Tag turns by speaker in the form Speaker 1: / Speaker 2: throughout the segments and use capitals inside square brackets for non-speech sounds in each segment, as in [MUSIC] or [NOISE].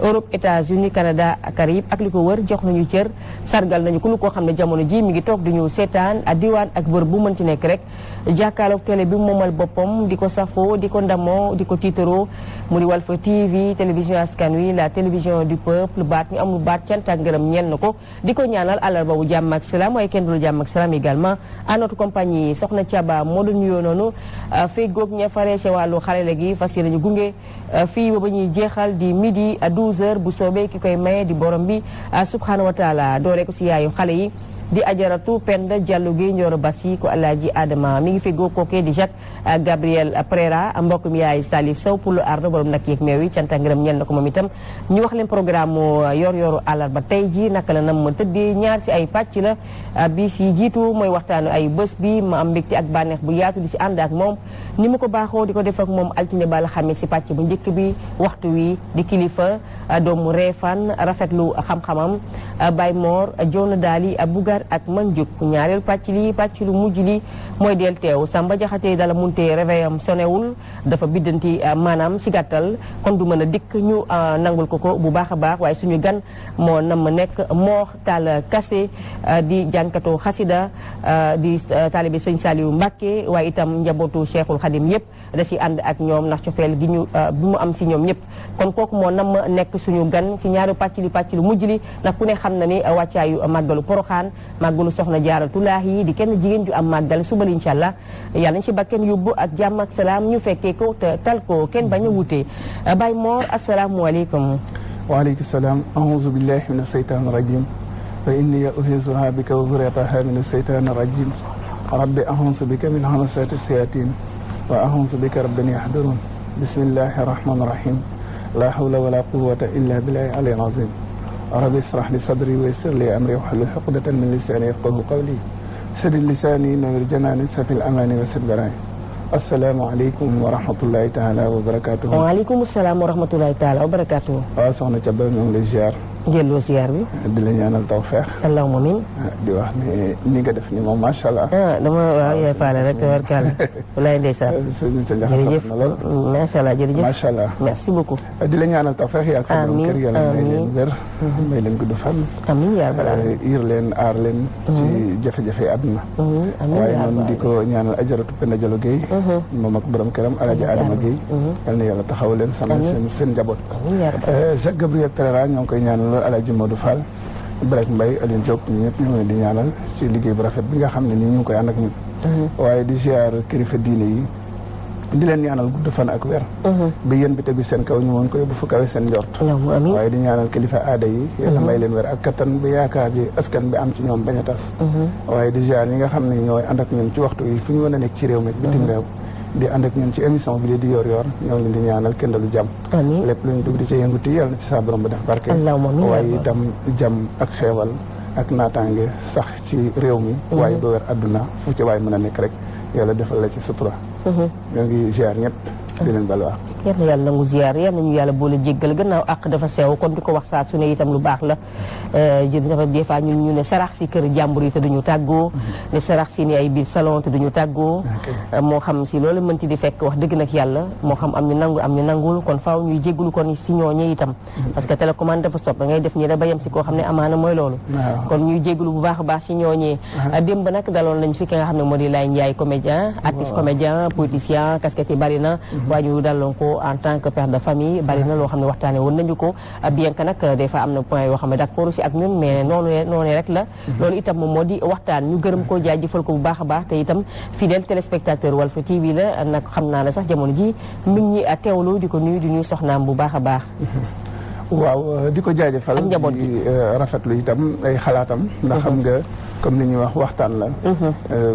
Speaker 1: Europe États-Unis Canada Caraïbes ak li ko wër jox nañu cër sargal nañu ku lu koo xam ne jamono ji mi ngi toog di ñu seetaan a diwaan ak bër bu mën ci nekk rek jàkkaarloog télé bi moomal boppam di ko safoo di ko ndamoo di ko tiitaroo mu ni di Walf TV télévision askan wi la télévision du lu baat ñu lu baat cant ak ngërëm ñeel ko di ko ñaanal àllarba bu jàmm ak salaam waaye kenn dul jàmm ak salaam également à notre compagnie soxna Thiaba moo doon yoo noonu euh, fii góog ña faree ci wàllu xarale gi fas yéene ñu gunge euh, fii ba ba ñuy jeexal di midi à 12h bu soobee ki koy may di borom bi euh, subhanahu wa taala dooree ko si yaayu xale yi di ajaratu Penda Diallo Guèye Nioro Bassi ko Alaaji Adama mi ngi fegoo kookee di Jacques eh, Gabriel Prera mbokk mi yaay Salif Sow pour lu aar na borom nag yeeg meew yi cant ak ngërëm ko moom itam ñu wax leen programme eh, yor yoru àllarba tey ji naka la nam ma tëddee ñaar si ay pàcc la eh, bi si jiitu mooy waxtaanu ay bés bi ma am mbégte ak bànneex bu yaatu bi si ànd ak moom ni ma ko baaxoo di ko def ak moom altine bala xamee si pàcc bu njëkk bi waxtu wi di kilifa doomu reefan rafetlu xam-xamam Baye Mor Jona Dali Bouga Dakar ak Manjuk ñaareelu pàcc li pàcc lu mujj li mooy del teew Samba Jaxate dala munte réveil am sonewul dafa biddanti euh, maanaam si gàttal kon du mën a dikk ñu euh, nangul ko ko bu baax a baax waaye suñu gan moo nam nekk moo Talla Kassé euh, di jànkatu xasida di taalibe sëñ Saliou Mbacke waaye itam njabootu Cheikhul Khadim yëpp da si ànd ak ñoom ndax cofeel gi ñu bi mu am si ñoom ñëpp kon kooku moo nam nekk suñu gan si ñaareelu pàcc li pàcc lu mujj li ndax ku ne xam na ni wàccaayu màggalu Poroxaan màggalu soxna jaaratulaax yi di kenn jigéen ju am màggal subal incha allah yàlla nañu si bakken yóbbu ak jàmm
Speaker 2: ak salaam ñu fekkee ko te tal ko kenn bañ a wutee Baye Mor asalaamualeykum. waaleykum salaam aouzu billahi min aseytaan rajim fa inni uhizuha bika wa zuriyataha min aseytaan rajim rabbi aouzu bika min hamasati sayatin wa aouzu bika rabbin yahdurun bismillahi rahmani rahim la hawla wala quwata illa billahi alil azim rabbi israh li sadri wa yassir li amri wahlul uqdatan min lisani yafqahu qawli sadi lisaani nawir janaani safil amaani wa sid baraay asalaamaaleykum wa rahmatulahi taala wa barakaatu. waaleykum salaam wa rahmatulahi taala wa barakaatu. waaw soxna Thiaba ñoo ngi lay ziar. jëlloo ziar bi. di la ñaanal tawfeex. allahumma amiin. Ah, di wax ne ni nga def ni moom macha allah. ah dama waaw yaay faale rek tabarkalla. [LAUGHS] walaay ndeysaan. jërëjëf macha allah jërëjëf macha allah. merci beaucoup. Ah, di la ñaanal tawfeex yaa ak sa borom kër yàlla may leen wér. may leen gudd fan. amiin yaa balaa ah, yir leen aar leen. ci mhm. jafe-jafe yi àdduna. Mhm. amiin waaye noonu di ko ñaanal ajaratu Penda Jalo Guèye. Mhm. moom ak borom këram Alaaji Adama Guèye. yal na yàlla eh, Gabriel Pereira ñoo ngi koy ñaanal Senghor Alaaji Modou Fall Ibrahima Mbaye Alioune Diop ñu ñëpp ñu ngi leen di ñaanal ci liggéey bu rafet bi nga xam ne nii ñu ngi koy ànd ak ñun mhm. waaye di ziar kilifa diine yi di leen ñaanal gudd fan ak weer mhm. ba yéen bi tegu seen kaw ñu mën ko yóbbu fu kawe seen njort waaye di ñaanal kilifa aada yi yàlla mhm. may leen weer ak kattan bi yaakaar bi am ci ñoom bañ a tas waaye di ziar ñi nga xam ne ñooy ànd ñun ci waxtu yi fu ñu mën a nekk ci réew mi bitim réew di ànd ak ñun ci émission bi di yor yor ñoo ngi di ñaanal kendalu jàmm lépp lu ñu di ci yënguti yàlla na ci saa borom ba def barke waaye itam jàmm ak xeewal ak naataange sax ci réew mi mhm. waaye doo wér àdduna fu ci waaye mën a nekk rek yàlla defal la ci sutura mhm. ñoo ngi ziar ñëpp di ah. leen balwaa
Speaker 1: yal na yàlla nangu ziar yal nañu yàlla boole jéggal gannaaw àq dafa sew kon di ko wax saa su ne itam lu baax la euh, ji ñu ne sarax si kër jàmbur yi te duñu tàggoo ne sarax si ni ay biir salon te duñu tàggoo moo xam si loolu mënti di fekk wax dëgg nag yàlla moo xam am ñu nangu am ñu nangul kon ñuy jéggalu mm-hmm. da ngay def ñi da bayam si koo xam ne amaana mooy loolu kon ñuy jéggalu bu baax a baax si ñooñee ah. ah, démb nag daloon lañ fi ki nga xam ne moo di Laye Ndiaye comédien artiste comédien politicien casquette ba bari na ñu mm-hmm. daloon ko ko en tant que père de famille bari na loo xam ne waxtaane woon nañu ko bien que nag des am na point yoo xam ne d'accord si ak ñun mais noonu rek la mhm. loolu itam moom moo di waxtaan ñu gërëm ko jaajëfal ko bu baax a baax te itam fidèle téléspectateur Walf TV la nag xam naa ne sax jamono ji mi ngi teewlu di ko nuyu di nuyu soxnaam bu baax a baax mhm.
Speaker 2: waaw euh, di ko jaajëfal di euh, rafetlu itam ay xalaatam ndax xam mhm. nga comme ni ñuy wax waxtaan la euh,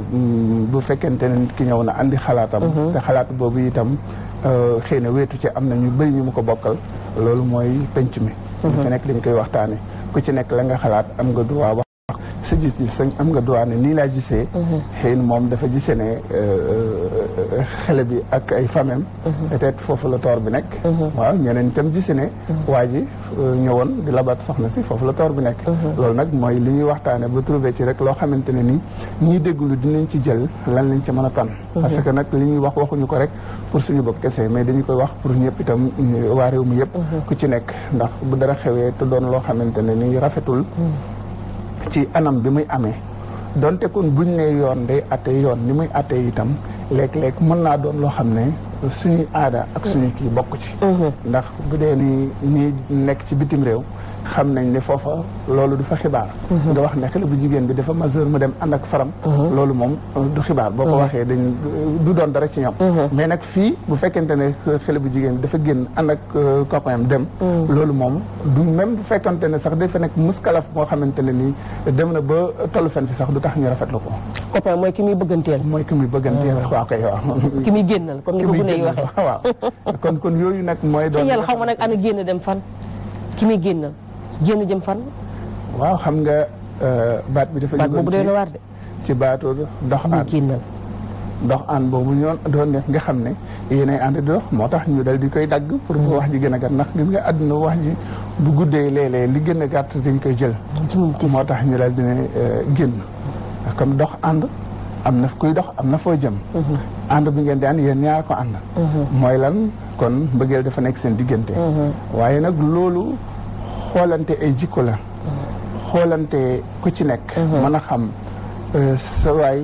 Speaker 2: bu fekkente ne nit ki ñëw na andi te xalaat boobu itam Euh, xëy na wéetu ci am na ñu bëri ñu mu ko bokkal loolu mooy penc mi mhm. ku ci nekk dañ koy waxtaane ku ci nekk la nga xalaat am nga droit wax sa gis-gis sa am nga droit ne nii laa gisee mhm. xëy na moom dafa gisee ne euh, euh, xale bi ak ay famem mhm. peut foofu la toor bi nekk mhm. waaw ñeneen itam gis ne mhm. waa ji euh, ñëwoon di labat soxna si foofu la toor bi nekk loolu nag mooy li ñuy waxtaane ba trouvé ci rek loo xamante ne ni ñiy lu dinañ ci jël lan lañ ci mën a tànn parce que nag li ñuy wax waxuñu ko rek pour suñu bopp kese mais dañu koy wax pour ñëpp itam waa réew ku ci nekk ndax bu dara xewee te doon loo xamante ne ni rafetul ci anam bi muy amee donte kon buñ ne léeg-léeg mën naa doon loo xam ne suñu aada ak suñu kii bokk ci mm-hmm. ndax bu dee ni ñi nekk ci bitim réew xam nañ ne foofa loolu du fa xibaar mhm. nga wax ne la bu jigéen bi dafa majeur mu dem ànd ak faram mhm. loolu moom euh, du xibaar boo ko mhm. waxee dañ du doon dara ci ñoom mais nag fii bu fekkente ne xale bu jigéen bi dafa génn ànd ak euh, copainam dem loolu moom du même bu fekkente ne sax dafa nekk muskalaf moo xamante ne nii dem na ba tollu fen fi sax du tax ñu rafetlu ko copain mooy ki muy bëgganteel mooy ki muy bëgganteel ah. waaw kay waaw ki muy génnal [LAUGHS] kon kon yooyu nag mooy doon ci yàlla xaw
Speaker 1: ma nag ana génn dem fan
Speaker 2: ki muy génnal génn jëm fan. waaw xam nga euh, baat bi dafa. baat boobu doy na waar de. ci baatu dox aan dox aan boobu ñoon doon def nga xam ne yéenay ànd dox moo tax ñu dal di koy dagg. pour que mm. wax ji gën a gàtt ndax gis nga àdduna wax ji bu guddee léeg li gën a gàtt dañ koy jël. moo tax ñu dal di ne euh, génn comme dox ànd am na kuy dox am na foo jëm. Mm-hmm. ànd bi ngeen di ànd yéen ñaar ko ànd. Mm-hmm. mooy lan kon mbëggeel dafa nekk seen diggante. Mm-hmm. waaye nag loolu. xoolante ay jikko la xoolante ku ci nekk mhm. mën a xam euh, sa waay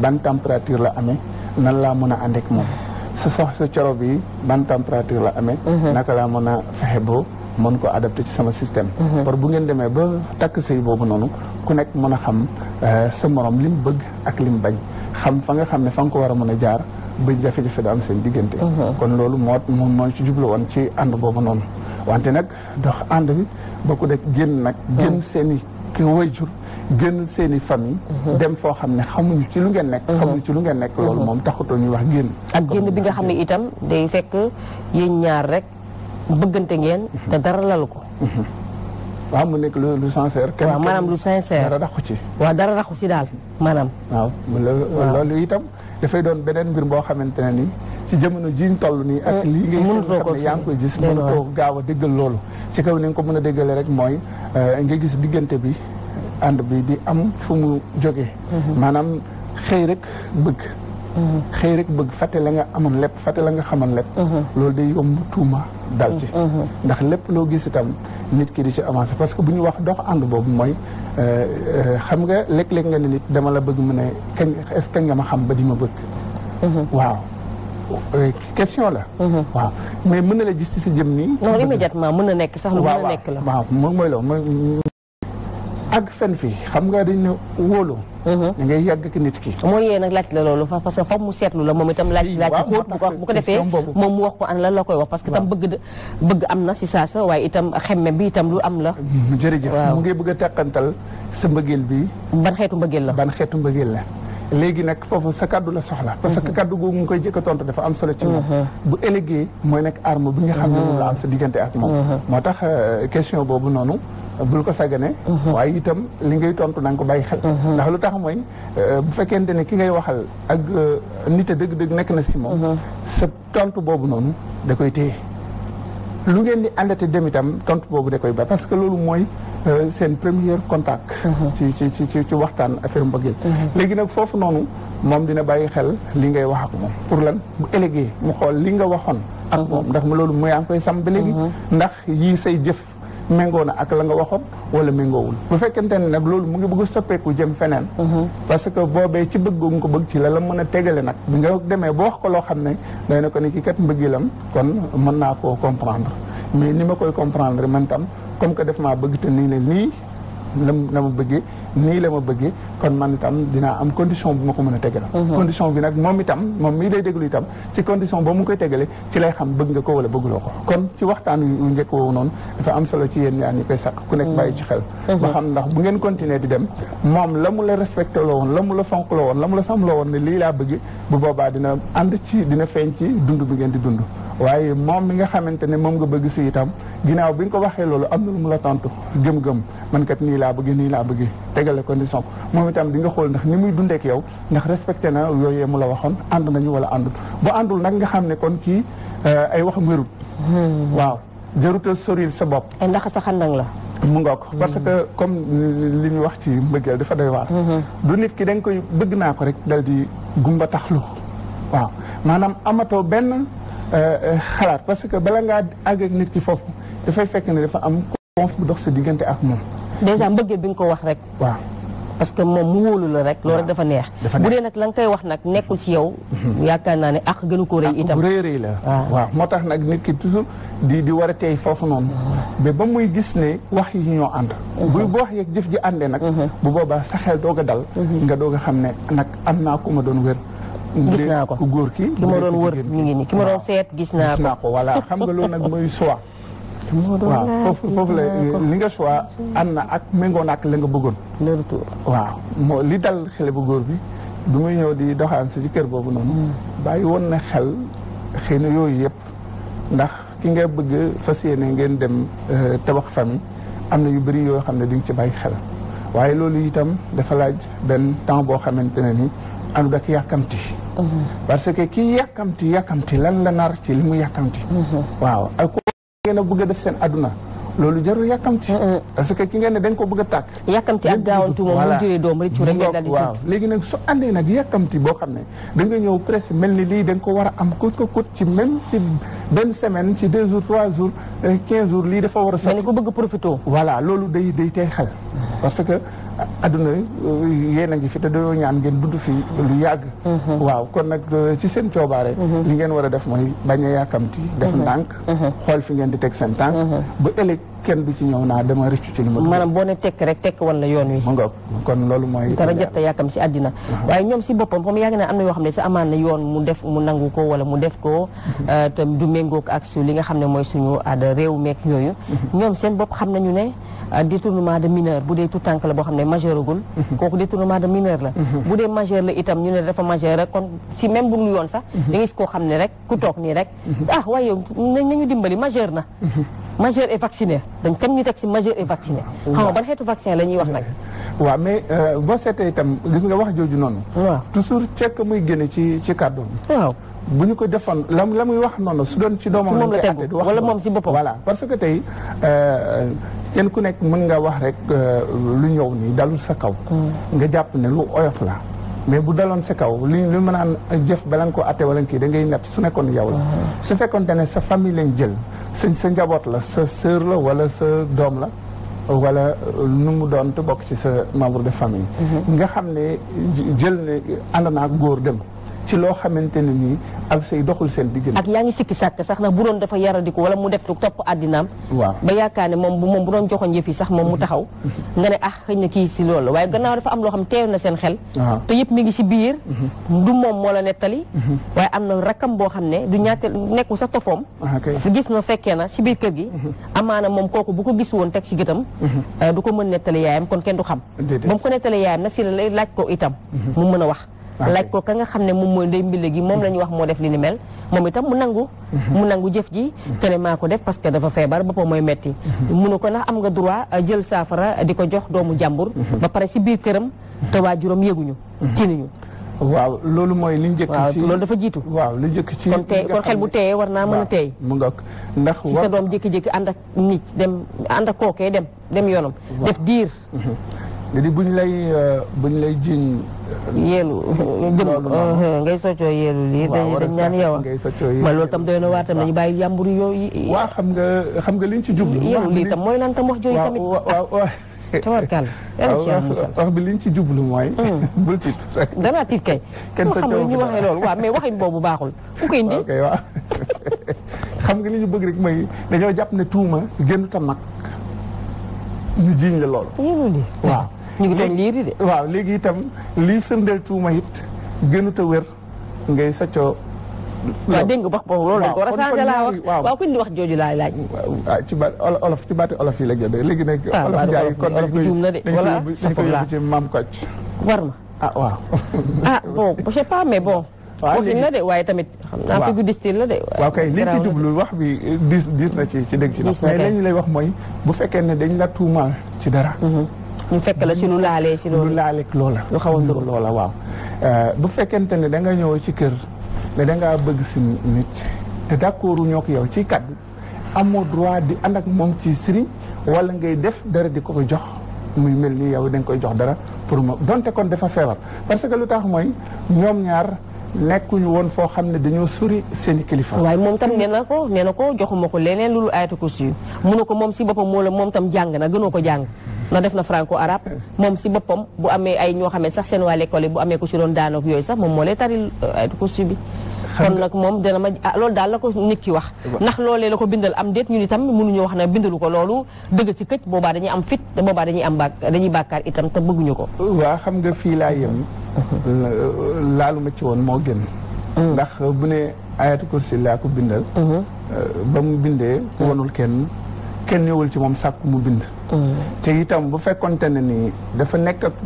Speaker 2: ban température la amee nan laa mën a ànd ak moom sa sox sa coro bi ban température la amee mhm. naka laa mën a fexe boo mën ko adapté ci sama système mhm. par bu ngeen demee ba takk sëy boobu noonu ku nekk mën a xam euh, sa morom li mu bëgg ak li mu bañ xam fa nga xam ne fa nga ko war a mën a jaar ba jafe-jafe da am seen diggante kon loolu moo moo ci jublu woon ci ànd boobu noonu wante nag dox ànd bi bokku dek génn nag mm-hmm. génn seeni i ki wayjur génn seen i famille mm-hmm. dem foo xam ne xamuñu ci lu ngeen nekk mm-hmm. xamuñu ci lu ngeen nekk loolu moom taxutoo ñuy wax génn
Speaker 1: ak génn bi nga xam ne itam day fekk yéen ñaar rek bëggante ngeen te dara lalu ko
Speaker 2: waaw mu nekk lu sincère kenn waaw maanaam lu sincère dara raxu ci waaw dara raxu ci daal maanaam waaw loolu itam dafay doon beneen mbir boo xamante ne nii ci jamono ji ñu toll nii ak eh, lii ngay xam ne yaa ngi koy gis mën koo gaaw a déggal loolu ci kaw ni nga ko mën a déggale rek mooy eh, nga gis diggante bi ànd bi di am fu mu jógee mhm. maanaam xëy rek bëgg mhm. xëy rek bëgg fàtte la nga amoon lépp fàtte la nga xamoon lépp mhm. loolu day yomb tuuma dal ci ndax lépp loo gis itam nit ki di ci avancé parce que bu ñu wax dox ànd boobu mooy eh, xam nga léeg-léeg nga ne nit dama la bëgg mu ne kañ est nga ma xam ba di ma bëgg Euh, question la. Mhm. waaw mais mën na la gis ci sa jëm nii. non
Speaker 1: immédiatement mën na nekk sax lu mën a nekk la.
Speaker 2: waaw moom mooy la mooy ak fen fii xam nga dañ ne wóolu. Mhm. da ngay yàgg ki nit ki.
Speaker 1: moo yee nag laaj la loolu parce que foog mu seetlu la moom itam laaj laaj ko bu ko defee moom mu wax ko an la la koy wax parce que tam bëgg bëgg am na si saasa waaye itam xemme
Speaker 2: bi itam lu am la. jërëjëf mu ngi bëgg a teqantal sa mbëggeel bi. ban xeetu mbëggeel la ban xeetu mbëggeel la. léegi nag foofu sa kaddu la soxla parce que kaddu googu nga koy jëkk a tontu dafa am solo ci moom uh-huh. bu élégué mooy nekk arme bi nga xam ne moom la am sa diggante ak moom uh-huh. moo tax euh, question boobu noonu bul ko sagane uh-huh. waaye itam li ngay tontu na ko bàyyi xel ndax lu tax mooy euh, bu fekkente ne ki ngay waxal ak euh, nit a dëgg-dëgg nekk na si moom sa tontu boobu noonu da koy téye lu ngeen di àndate dem itam tontu boobu de koy ba parce que loolu mooy euh, seen premier contact. Uh-huh. ci ci ci ci waxtaan affaire mbëggeel. Uh-huh. léegi nag foofu noonu moom dina bàyyi xel li ngay wax ak moom pour lan bu élégué mu xool li nga waxoon. ak uh-huh. moom ndax ma loolu mooy yaa ngi koy sam ba léegi. ndax yii say jëf. méngoo na ak la nga waxoon wala méngoowul bu fekkente ne nag loolu mu ngi bëgg a soppeeku jëm feneen mhm. parce que boobee ci bëgg nga ko bëgg ci la la mën a tegale nag bi nga demee boo wax ko loo xam ne day na ko ni ki kat mbëggilam kon mën naa koo comprendre mais ni ma koy comprendre man tam comme que def maa bëgg te nii ne nii na ma bëggee nii la ma bëggee kon man itam dinaa am condition bu ma ko mën a tegalal mhm. condition bi nag moom itam moom mii lay déglu itam ci condition ba mu koy tegalee ci lay xam bëgg nga ko wala bëgguloo ko kon ci waxtaan yu njëkk woowu noonu dafa am solo ci yéen ñaar ñi koy saq ku nekk bàyyi ci xel mhm. ba xam ndax bu ngeen continuer di dem moom la mu la respecté loo woon la mu la fonk loo woon la mu la sàmm loo woon ne lii laa bëgg bu boobaa dina ànd ci dina feeñ ci dund bi ngeen di dund waaye moom mi nga xamante ne moom nga bëgg si itam ginnaaw bi nga ko waxee loolu am na lu mu la tontu gëm-gëm man kat nii laa bëggee nii laa bëggee tegale condition moom itam di nga xool ndax ni muy dundeek yow ndax respecté na yooyee mu la waxoon ànd nañu wala àndul bu àndul nag nga xam ne kon kii euh, ay wax wérut hmm. waaw jaruta soril sa bopp ay ndax sa xandang la mu ngoog parce que comme li ñu wax ci mbëggeel dafa doy waar hmm. du nit ki danga koy bëgg naa ko rek dal di gumba taxlu waaw maanaam amatoo benn xalaat parce que bala ngaa àgg ak nit ki foofu dafay fekk ne dafa am conf bu dox sa diggante ak moom. déjà mbëggeel bi nga ko wax rek. waaw parce que moom mu wóolu
Speaker 1: la rek. loolu rek dafa neex. bu dee nag la nga koy wax nag nekkul ci yow. Mhm. yaakaar naa ne ak gënu ko rëy itam.
Speaker 2: rëy rëy la waaw moo tax nag nit ki toujours di di war a tey foofu noonu. mais ba muy gis ne wax yi ñoo ànd. Mhm. bu bu wax yeeg jëf ji àndee nag. Mhm. bu boobaa sa xel doog a dal. nga doog a xam ne nag am naa ku ma doon wér. gis naa ko góor ki ki ma doon wër mi ngi ma doon gis naa ko voilà xam nga loolu nag mooy choix [LAUGHS] waaw la li nga choix ànd na ak méngoo na ak la nga bëggoon le retour waaw moo li dal xale bu góor bi du muy ñëw di doxaan si ci kër boobu noonu hmm. bàyyi woon na xel xëy na yooyu yëpp ndax ki nga bëgg fas yéene ngeen dem euh, tabax famille am na yu bëri yoo xam ne di ci bàyyi xel waaye loolu itam dafa laaj benn temps boo xamante ne nii ànd ak yàkkamti mm-hmm. parce que kii yàkkamti yàkkamti lan la nar ci li mu yàkkamti mm-hmm. waaw ak ko ngeen a bëgg a def seen aduna loolu jarul yàkkamti mm-hmm. parce que ki ngeen ne dañ ko bëgg a tàkk yàkkamti ak gaawantu moom mu juree doom rek rek ngeen daal di waaw léegi nag su àndee nag yàkkamti boo xam ne da nga ñëw presque mel ni lii da nga ko war a am kut ko kut ci même ci semaine ci deux jours trois jours euh, quinze jours lii dafa war a sax ko bëgg profité voilà loolu day day tey xel parce que adduna euh, yéen a ngi fi te dañoo ñaan ngeen dund fi lu yàgg mhm. waaw kon nag euh, ci seen coobaare mhm. li ngeen war a def mooy bañ a yàkkamti def mhm. ndànk xool fi ngeen di teg seen tànk ba ëllëg kenn du ci ñëw naa dama rëccu ci li ma. maanaam
Speaker 1: boo ne tekk rek tek wan la yoon wi. mu nga kon loolu mooy. dara a yàkkam si àddina. waaye ñoom si boppam comme yàgg na am na yoo xam ne sa amaan na yoon mu def mu nangu ko wala mu def ko. Mhm. Euh, te du méngoog ak su li nga xam ne mooy suñu aada réew meeg yooyu. Mhm. ñoom seen bopp xam nañu ne. Euh, détournement de mineur bu dee tout tànk la boo xam ne majeuragul mhm. kooku détournement de mineur la bu dee majeur la itam ñu ne dafa majeur rek kon si même bu dul yoon sax da ngis koo xam ne rek ku toog nii rek ah waaye nañu dimbali majeur na majeur et vacciné dañ tam ñu teg si majeur et vacciné. xam nga ban xeetu vaccin la ñuy wax nag.
Speaker 2: waaw mais euh, boo seetee itam gis nga wax jooju noonu. waaw toujours cekk muy génne ci ci kàddoom. waaw bu ñu ko defoon lam la muy wax noonu su doon ci doomam. moom la tegu wala moom si boppam voilà parce que tey euh, kenn ku nekk mën nga wax rek euh, lu ñëw nii dalul sa kaw. Hmm. nga jàpp ne lu oyof la. mais bu daloon sa kaw li lu mën naan jëf bala nga ko atte wala kii da ngay nett su nekkoon yow la su fekkoonte ne sa famille lañ jël sa sa njaboot la sa sœur la wala sa doom la wala euh, nu mu doon te bokk ci sa membre de famille mhm. nga xam ne jël ne ànd naa góor dem ci loo xamante ne nii ak say doxul seen diggante. ak yaa ngi sikki sàkk sax nag bu doon dafa yaradiku wala mu def lu topp àddinaam. waaw ba yaakaar ne moom
Speaker 1: bu moom bu doon joxoon yëf yi sax moom mu taxaw. [LAUGHS] nga ne ah xëy na kii si loolu waaye gannaaw dafa am loo xam teew na seen xel. te yëpp mi ngi si biir.
Speaker 2: Mm-hmm.
Speaker 1: du moom moo la nettali. Mm-hmm. waaye am na rakkam boo xam ne du ñaata nekkul sa tofoom. Ah, gis na fekkee na si biir kër gi. Mm-hmm. amaana moom kooku bu ko gis woon teg si gëtam. Euh, du ko mën nettali yaayam kon kenn du xam. ba mu ko nettali yaayam na si la laaj ko itam mu mën a wax Ah, laaj ko ka nga xam ne moom mooy ndey mbile gi moom la ñu wax moo def li ni mel moom itam mu nangu mhm. mu nangu jëf ji mhm. te ne maa ko def parce que dafa feebar boppam mooy metti a mhm. ko ndax am nga droit euh, jël saafara di ko jox doomu jàmbur ba pare si biir këram te waajuram
Speaker 2: yëguñu tinuñu waaw loolu mooy li njëkk ci loolu dafa jiitu waaw li njëkk ci kon tey bu
Speaker 1: teeyee war naa mën a teey
Speaker 2: mu nga ndax si sa doom
Speaker 1: jékki-jékki ànd ak nit dem ànd
Speaker 2: ak kookee dem dem yoonam def diir di bu ñu lay euh, bu ñu lay jiiñ yeelu jëm euh, euh, ngay soccoo yeelu lii dañ ñaan yow
Speaker 1: ma loolu tam doy na waar tam nañu bàyyi yàmbur yooyu waa xam nga xam nga liñ ci jublu lii tam mooy lan tam wax jooju tamit [LAUGHS] tawarkal wax bi liñ ci jublu mooy hmm.
Speaker 2: [LAUGHS] bul tiit danaa tiit kay kenn xam nga ñu waxee baaxul ku [LAUGHS] xam nga li ñu bëgg rek mooy dañoo jàpp ne tuuma génn tam nag ñu jiiñ la loolu waaw ñu ngi doon liir de. waaw léegi itam liy sëndeel tuuma it gënut a wér ngay soccoo. waaw dégg wax boobu loolu la a laa
Speaker 1: wax di wax jooju laay laaj. waaw
Speaker 2: ci baat olof ci baati olof yi la jógee léegi nag. Ah, olof kon dañ koy dañ koy dañ koy ci maam koc war na ah waaw.
Speaker 1: [LAUGHS] ah bon je sais pas mais bon. [LAUGHS] waaw léegi de waaye tamit. xam naa fi guddi style
Speaker 2: la de. waaw kay li wax bi diis diis na ci ci dégg ci. na kay mais lay wax mooy bu fekkee ne dañ la tuumaal ci dara. Mm-hmm. ñu fekk la ci nu laalee ci loolu. lu laaleeg loola. lu xaw a ndur loola waaw. Eh, bu fekkente ne da nga ñëw ci kër ne da bëgg si nit te d'accord ñoo ko yow ci kaddu amoo droit di ànd ak moom ci sëriñ wala ngay def dara di ko ko jox muy mel ni yow da nga koy jox dara pour moom donte kon dafa feebar parce que lu tax mooy ñoom ñaar. nekkuñu woon foo xam ne dañoo sori seen kilifa. waaye moom tam nee na ko nee na ko joxuma ko leneen
Speaker 1: loolu ayatul kursi
Speaker 2: mu na ko moom si boppam moo
Speaker 1: la moom tam jàng na gënoo ko jàng. na def na franco arabe moom si boppam bu amee ay ñoo xam ne sax seen waa l'école bu amee ko si doon daanaka yooyu sax moom moo lay taril euh, ayatul kursi bi. kon nag moom dana ma ah, loolu daal la ko nit ki wax ndax loolee la ko bindal am déet ñun itam mënuñu wax ne bindalu ko loolu dëgg ci këj boobaa dañuy am fit te boobaa dañuy am bàkk dañuy bàkkaar itam te bëgguñu ko
Speaker 2: waaw xam nga fii laa yem ma ci woon moo gën mm. ndax bu ne ayatu kursi laa ko bindal mm-hmm. euh, ba mu bindee ku mm. kenn kenn ñëwul ci moom sàkku mu bind mm. te itam bu fekkonte ne nii dafa nekk ak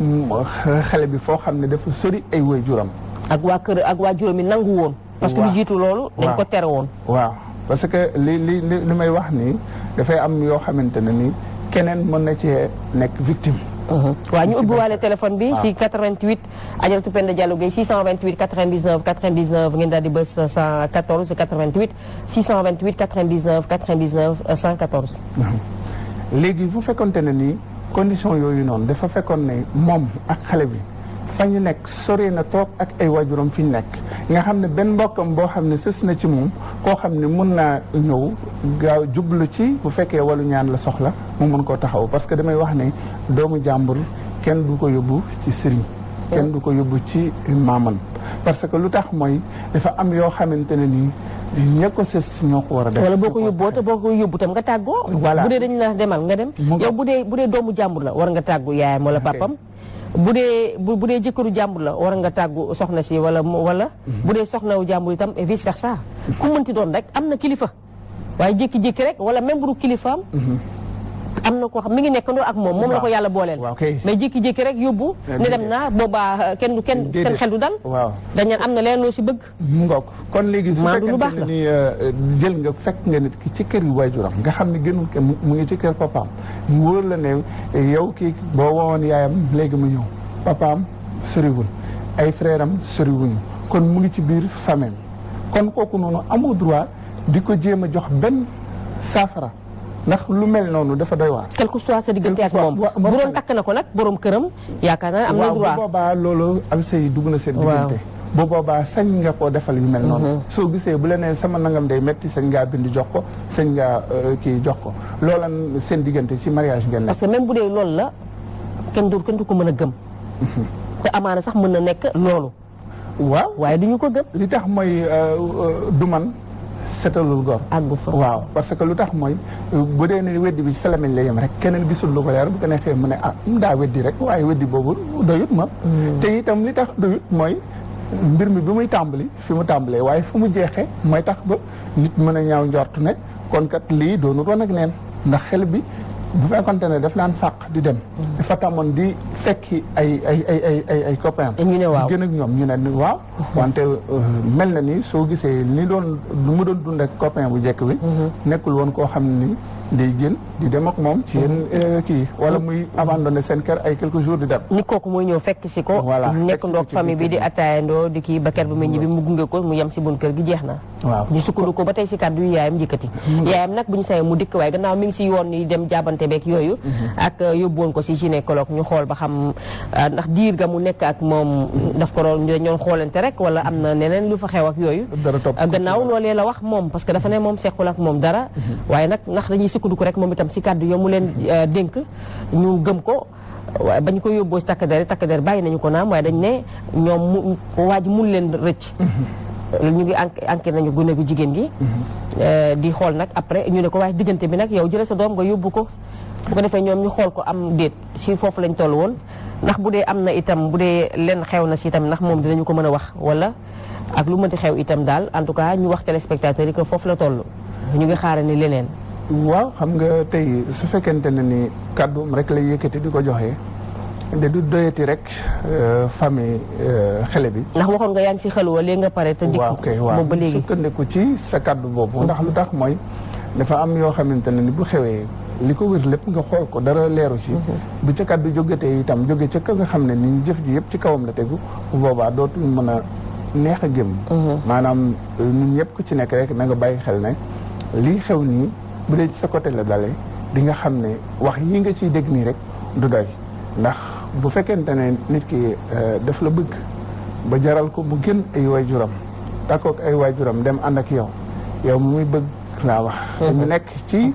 Speaker 2: xale bi foo xam ne dafa sori ay waajuram ak waa kër ak waajuram yi nangu woon parce que lu jiitu
Speaker 1: loolu. dañ ko
Speaker 2: tere woon. waaw parce que li li li may wax nii dafay am yoo xamante ne ni keneen mën na cee nekk victime. Uh-huh. waaw ñu ubbi
Speaker 1: waale téléphone bi si 88 Adjaratou Penda Diallo Gueye 628 99 99 ngeen daal di bës 114 88 628 99 99 114.
Speaker 2: léegi bu fekkonte ne nii condition yooyu noonu dafa fekkoon ne moom ak xale bi. fa ñu nekk sori na toog ak ay waajuram fi ñu nekk nga xam ne benn mbokkam boo xam ne sës na ci moom koo xam ne mun naa ñëw gaaw jublu ci bu fekkee walu ñaan la soxla mu mun koo taxaw parce que damay wax ne doomu jàmbur kenn du ko yóbbu ci sëriñ kenn du ko yóbbu ci maaman parce que lu tax mooy dafa am yoo xamante ne nii ña ko sës ñoo ko war a def boo ko yóbboo te yóbbu tam nga tàggoo voilà bu dee
Speaker 1: dañ la demal nga dem yow bu dee bu dee doomu jàmbur la war nga tàggu yaayam wala papam bu dee bu dee jëkkëru jàmbur la war nga tàggu soxna si wala wala. Mhm. bu dee soxnawu jàmbur itam et vice versa. ku doon rek am na kilifa waaye jékki-jékki rek wala même bu kilifaam. Mhm. am na koo xam mi ngi nekkandoo ak moom moom la ko yàlla booleel mais jékki-jékki rek yóbbu eh, ne dem naa boobaa euh, kenn du kenn seen xel du dal waaw dañu am na leen loo si bëgg
Speaker 2: mu ngoog kon léegi su fekkee ni euh, jël nga fekk nga nit ki ci kër yu waajuram nga xam ne gënul mu ngi ci kër papaam mu wóor la eh, yow kii boo wowoon yaayam léegi mu ñëw papaam soriwul ay frère am kon mu ngi ci biir famille kon kooku noonu amoo droit di ko jéem a jox benn saafara ndax lu mel noonu dafa doy waar. quel que soit sa diggante ak moom bu doon takk na ko nag borom këram yaakaar naa am na droit waaw bu boobaa loolu am sëy dugg na seen diggante bu boobaa sañ nga koo defal yu mel noonu mhm. soo gisee bu leneen sama nangam day metti sañ ngaa bind jox ko sañ ngaa euh, kii jox ko loola seen diggante ci mariage ngeen parce que même bu dee loolu la kenn du kenn du ko mën a gëm mhm.
Speaker 1: te amaana sax mën na nekk
Speaker 2: loolu waaw waaye du ñu ko gën li tax mooy euh, euh, du man setalul gor àggu fa waaw parce que lu tax mooy bu dee ne weddi bi salamin la yem rek keneen gisul lu ko leer bu ko neexee mu ne ah daa weddi rek waaye weddi boobu doyut ma hmm. te itam li tax doyut mooy mbir mi bi muy tàmbali fi mu tàmbalee waaye fu mu jeexee mooy tax ba nit mën a ñaaw njort ne kon kat lii doonu ko nag neen ndax xel bi bu fekkonte ne daf daan fàq di dem. Mm. dafa tàmmoon di fekki ay ay ay ay ay ay copains. ñu ne waaw gën ak ñoom ñu ne waaw. Mm-hmm. wante euh, mel na ni soo gisee ni doon lu mu doon dund ak bu njëkk bi. Mm-hmm. nekkul woon koo xam ni. day génn di dem ak moom ci yenn mm-hmm. euh, kii wala mm-hmm. muy abandonné seen kër ay quelques jours
Speaker 1: di dem nit kooku mooy ñëw fekk si ko nekk ndoog famille bi di attaayandoo di kii ba kër ba muy ñibbi mm-hmm. mu gunge ko mu yem si bun kër gi jeex na waaw ñu sukkandiku ba tey si kàddu yi yaayam njëkkati yaayam nag bu ñu sañee si yoon yi dem jaabante beeg yooyu ak euh, yóbboon ko si gynécologue ñu xool ba xam euh, ndax diir ga mu nekk ak moom daf ko doon ñoon xoolante rek wala am na neneen lu fa xew ak yooyu gannaaw loolee la wax moom parce que dafa ne moom sequl moom dara sukkandiku rek moom itam si kàddu yo mu leen euh, dénk ñu gëm ko waaye ba ñu koy yóbboo si takk der takk der bàyyi nañu ko naam waaye dañ ne ñoom mu waa mun leen rëcc mm-hmm. ñu ngi enquête nañu gune gu jigéen gi mm-hmm. euh, di xool nag après ñu ne ko waaye diggante bi nag yow jëlee sa doom nga yóbbu ko bu ko defee ñoom ñu xool ko am déet si foofu lañ toll woon ndax bu dee am na itam bu dee leen xew na si itam ndax moom dinañu ko mën a wax wala ak lu mënti xew itam daal en tout cas ñu wax téléspectateurs yi foofu la toll
Speaker 2: waaw xam nga tey su fekkente ne ni kàddoom rek la yëkkati di ko joxe de du doyati rek euh, famille euh, xale bi.
Speaker 1: ndax waxoon nga yaa ngi si xelwa léegi nga pare. te dikk moom ba léegi
Speaker 2: sukkandiku ci sa boobu. ndax lu tax mooy dafa am yoo xamante ne ni bu xewee. li ko wér lépp nga xool ko dara leeru si mhm. bu ca kàddu jógatee itam jóge ca ka nga xam ne ni jëf ji yëpp ci kawam la tegu bu boobaa dootul mën a neex a gëm mhm. maanaam ñun ñëpp ku ci nekk rek na nga bàyyi xel ne lii xew nii bu dee ci sa côté la dalee di nga xam ne wax yi nga ciy dégg nii rek du doy ndax bu fekkente ne nit ki euh, daf la bëgg ba jaral ko mu gën ay waajuram tàkkook ay waajuram dem ànd ak yow yow mu muy bëgg laa wax dañu nekk ci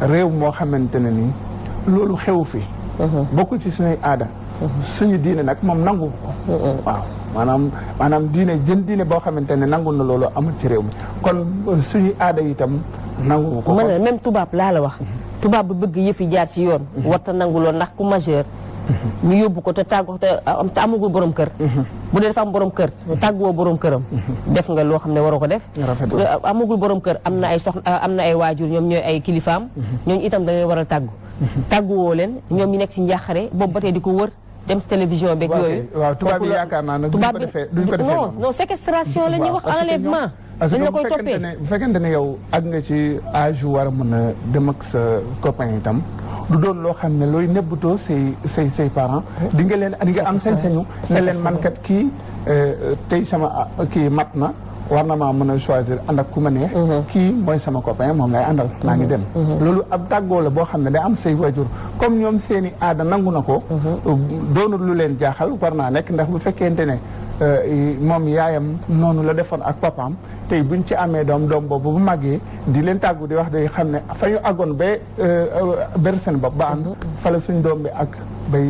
Speaker 2: réew moo xamante ne nii loolu xew fii bokkul ci suñuy aada suñu diine nag moom nangu waaw maanaam maanaam diine jën diine boo xamante ne nangu na loolu amul ci réew mi kon euh, suñuy aada itam nangu ko ma ne même tubaab laa la wax. tubaab bu bëgg yëfi
Speaker 1: jaar si yoon. Mhm. warta nangu lool ndax ku majeur. Mhm. ñu yóbbu ko te tàggoo te amagul borom kër. Mhm. bu dee dafa am borom kër. tàgguwoo borom këram. def nga loo xam ne waroo ko def. amagul borom kër am na ay soxna am na ay waajur ñoom ñooy ay kilifaam. ñooñu itam da ngay war a tàggu. tàgguwoo leen ñoom ñu nekk si njaaxare boobu ba tey di ko wër. dem si télévision beeg yooyu. waaw tubaab yi yaakaar naa ne duñ ko ko defee non séquestration la ñuy wax enlèvement. parce que bu fekkente ne
Speaker 2: bu fekkente ne yow ak nga ci âge war a mën a dem ak sa copain tam du doon loo xam ne looy nëbbatoo say say say parents eh? di nga leen di nga am sañ leen man kat kii euh, tey sama kii mat na war na maa mën a choisir ànd ak ku ma neex mhm. kii mooy sama copain moom lay àndal mhm. maa ngi dem mhm. loolu ab tàggoo la boo xam ne day am say wajur comme ñoom seeni aada nangu na ko doonul lu leen jaaxal war naa nekk ndax bu fekkente ne euh, moom yaayam noonu la defoon ak papaam tey buñ ci amee doom doom boobu bu màggee di leen tàggu di wax day xam ne fa ñu àggoon ba euh, euh, ber seen bopp ba ànd fala suñ doom bi ak bay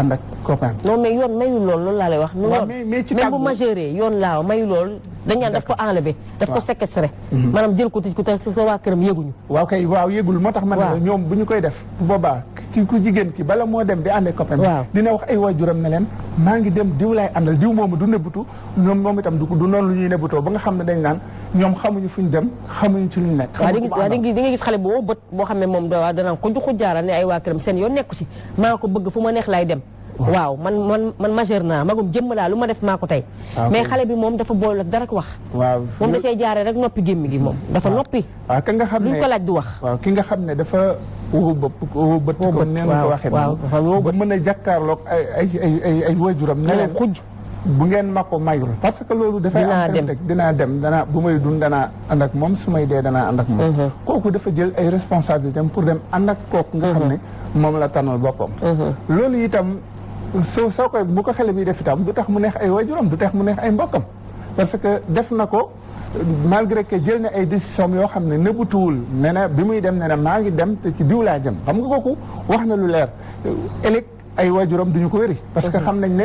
Speaker 2: ànd COPACEL non mais yoon mayu lool loolu laa lay wax. waaw mais mais ci même bu
Speaker 1: majeure yoon laaw mayu lool. dañ naan daf ko enlever daf ko séquestrer.
Speaker 2: Mhm. maanaam jël ko tëj ko te sa waa këram yëguñu. waaw kay waaw yëgul moo tax. man ñoom bu ñu koy def. boobaa ki ku jigéen ki bala moo dem di ànd ak copain dina wax ay waajuram ne leen maa ngi dem diw laay àndal diw moomu du nebbutu ñoom moom itam du noonu lu ñuy nebbutoo ba nga xam ne dañ naan ñoom xamuñu fuñ dem xamuñu ci luñ nekk. xamuñu ko
Speaker 1: waaw boo bët boo xam ne moom danaan ko juxu jaara ne ay waa këram seen yoon nekku si maa ko bëgg fu ma neex laay dem waaw man man man majeur naa magum jëmm laa lu ma def maa ko tey ah, mais xale bi moom dafa bool ak dara ko wax
Speaker 2: waaw moom da see
Speaker 1: jaaree rek noppi gémmi
Speaker 2: gi moom dafa ah. noppi ah, waaw ki nga xam ne luñ ko wax ki nga xam ne dafa wóo bët wóo bët comme neen ko waxee ba mën a jàkkaarloog ay ay ay ay ay waajuram ne leen xujj bu ngeen ma ko mayul parce que loolu dafay am rek dinaa dem danaa bu may dund danaa ànd moom su may dee danaa ànd ak moom mhm. kooku dafa jël ay dem pour dem ànd ak kooku nga xam mhm. ne moom la tànnal boppam mhm. loolu itam soo soo koy bu ko xale bi def itam du tax mu neex ay waajuram du tax mu neex ay mbokkam parce que def na ko malgré que jël na ay décision yoo xam ne nëbbutuwul ne bi muy dem ne na maa ngi dem te ci diw dem jëm xam nga kooku wax na lu leer ëllëg ay waajuram duñu ko wéri parce que mhm. xam nañ ne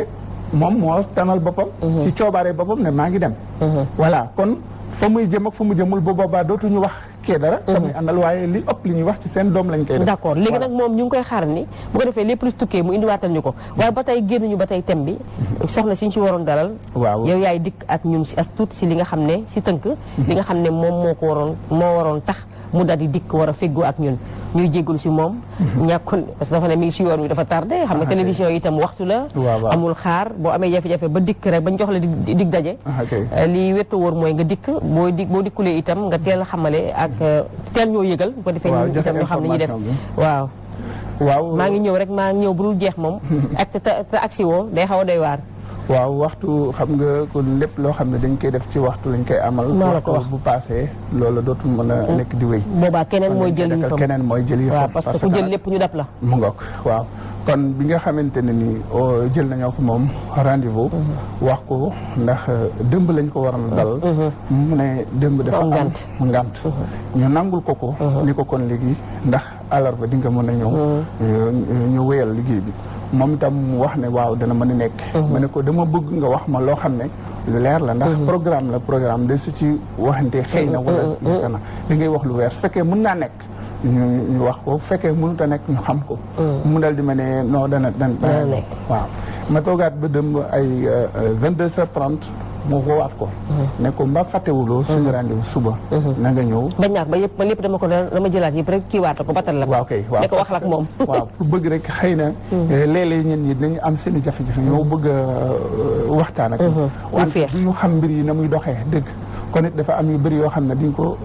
Speaker 2: moom moo tanal boppam mhm. ci coobaaree boppam ne maa ngi dem mhm. voilà kon fa muy jëm ak fa mu jëmul bu boobaa dootuñu wax kee dara mhm. tamit àndal waaye li ëpp li ñuy wax ci seen doom lañ koy def d'accord léegi nag
Speaker 1: moom ñu ngi koy xaar ni bu ko defee lépp lu tukkee mu indiwaatal ñu ko waaye ba tey génn ñu ba tey thème bi mhm. soxna si ñu ci waroon dalal waaw yow yaay dikk ak ñun si as tuuti si li nga xam ne si tënk mhm. li nga xam ne moom moo ko waroon moo waroon tax mu daal di dikk war a feggoo ak ñun ñuy jégalu si moom mhm. kon parce que dafa ne mi ngi si yoon wi dafa tardé ah, xam nga télévision yi itam waxtu la amul xaar boo amee jafe-jafe ba dikk rek bañ jox la dig daje ah, eh, li wetu wóor mooy nga dikk boo di boo dikkulee itam nga teel xamale ak mhm. eh, teel ñoo yëgal bu defee ñu itam ñoo xam ne ñuy def waaw
Speaker 2: waaw maa ngi ñëw rek maa ngi ñëw bu dul jeex moom [LAUGHS] ak te agsi woo day xaw a doy waar waaw waxtu xam nga kon lépp loo xam ne dañ koy def ci waxtu lañ koy amal. ko waxtu bu passé loolu dootul mën a mm-hmm. nekk di wéy. boobaa keneen mooy jël yi fa keneen mooy jël yi que ku jël lépp ñu dab la. mu ngoog waaw kon bi nga xamante ne ni jël nañoo ko moom rendez mm-hmm. wax ko ndax euh, dëmb lañ ko waroon dal. Mm-hmm. mu ne dëmb dafa am mu ñu nangul ko ko. ni ko kon léegi ndax alarba di nga mën a ñëw. ñu wéyal liggéey bi. moom itam wax ne waaw dana mën a nekk mhm. ma ne ko dama bëgg nga wax ma loo xam ne lu leer la ndax mhm. programme la programme de su ci waxante xëy na wala yàgg mhm, na li ngay wax lu weer su fekkee mën naa nekk ñu ñu wax ko bu fekkee mënut a nekk ñu xam ko mu dal di ma ne non dana dana waaw ma toogaat ba dem ay euh, euh, vingt deux heures trente moo woowaat ko mhm. ne ko mba fàttewuloo suñu mhm. rendez-vous suba mhm. na nga ñëw
Speaker 1: ba ñaak ba lépp dama ko dama jëlaat yëpp rek kiiwaat ko batal la waaw kay waaw ko moom [LAUGHS]
Speaker 2: bëgg rek xëy na eh, léeg-léeg ñi dañu am seen i jafe-jafe ñoo bëgg a euh, waxtaan ak wante ñu xam mbir yi na muy doxee dëgg kon it dafa am yu bëri yoo xam ne diñ ko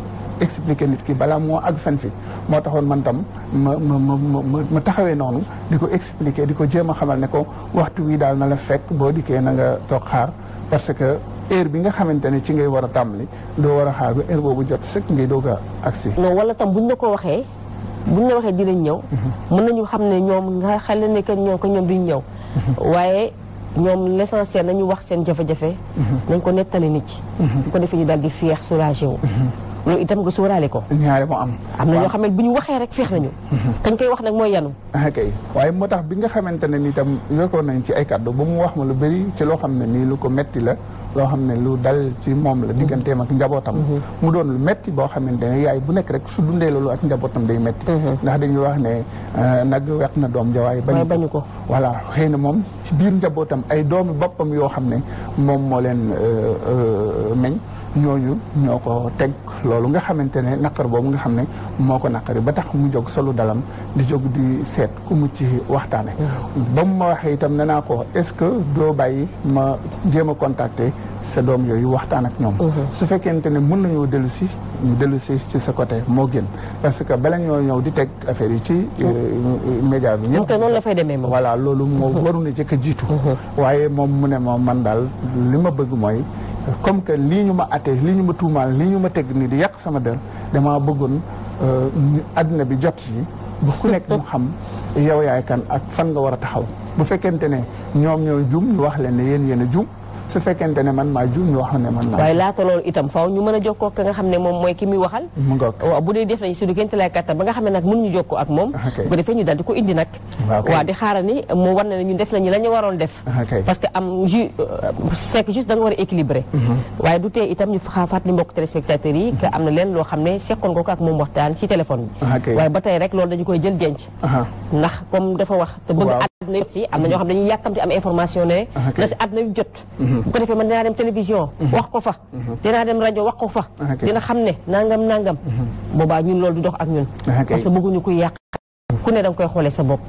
Speaker 2: expliquer nit ki balaa moo ak fen fi moo taxoon man tam ma ma ma ma taxawee noonu di ko expliquer di ko jéem a xamal ne ko waxtu wi daal na la fekk boo dikkee na nga toog xaar parce que heure bi nga xamante ne ci ngay war a tàmbali doo war a xaar ba heure boobu jot sëkk ngay doog a agsi
Speaker 1: non wala tam buñ la ko waxee buñ la waxee dinañ ñëw mhm. mën nañu xam ne ñoom nga xale ne que ñoom ko ñoom duñ ñëw mhm. waaye ñoom l'essentiel nañu wax seen jafe-jafe mhm. nañ ko nettali nit ci bu ko defee ñu daal di féex soulagé wu
Speaker 2: loolu itam nga sóoraale ko ñaare moo am am na ñoo xam ne bu ñu waxee rek feex nañu kañ koy wax nag mooy yanu ah, kay waaye moo tax bi nga xamante ne ni itam yokkoon nañ ci ay kàddu ba mu wax ma lu bëri ci loo xam ne nii lu ko metti la loo xam ne lu dal ci moom la digganteem ak njabootam mhm. mu doon lu metti boo xamante ne yaay bu nekk rek su dundee loolu ak njabootam day metti mhm. ndax dañuy wax ne euh, nag weq na doom jawaay bañu ko voilà xëy na moom ci biir njabootam ay doomi boppam yoo xam ne moom moo leen euh, euh, meñ ñooñu ñoo ko teg loolu nga xamante ne naqar boobu nga xam ne moo ko naqari ba tax mu jóg solu dalam di jóg di seet ku mu waxtaane mm-hmm. ba mu ma waxee itam ne naa ko est-ce que doo bàyyi ma jéem a contacter sa doom yooyu waxtaan ak ñoom mm-hmm. su fekkente ne mën nañoo dellu si ñu dellu si ci sa côté moo gën parce que bala ñoo ñëw di teg affaire yi ci mm-hmm. euh, média bi ñëpp noonu la fay demee ma voilà loolu moo waru na jëkk a jiitu waaye moom mu ne moom man daal li ma bëgg mooy comme que lii ñu ma attee lii ñu ma tuumaal lii ñu ma teg nii di yàq sama der damaa bëggoon euh, àddina bi jot yi bu ku nekk mu xam yow yaay kan ak fan nga war a taxaw bu fekkente ne ñoom ñoo jum ñu wax leen ne yéen yéen a jum su fekkente ne man maa juum ñu wax ne man. waaye
Speaker 1: laata loolu itam faaw ñu mën a jokkoo ak nga xam ne moom mooy ki muy waxal. bu dee def nañu suñu gént lay kattan ba nga xam ne nag ñu def nañu waroon def. parce que am ju euh, c'est juste da war a équilibré. Mhm. waaye du tee itam ñu fàttali mbokk téléspectateurs yi. que mhm. am na leen loo xam ne seqoon ko ak moom waxtaan ci téléphone bi. waaye ba tey rek loolu dañu koy jël denc. ndax comme dafa wax te bëgg àdduna yëpp si am na ñoo xam dañuy yàkkamti am information ne ah, na si àdduna yu jot mhm. bu ko defee man dinaa dem télévision mhm. wax ko fa mhm. dinaa dem rajo wax ko fa ah, dina xam ne
Speaker 2: nangam nangam boobaa ñun loolu du dox ak ñun ah, parce que bëgguñu kuy yàq ku ne da koy xoolee sa bopp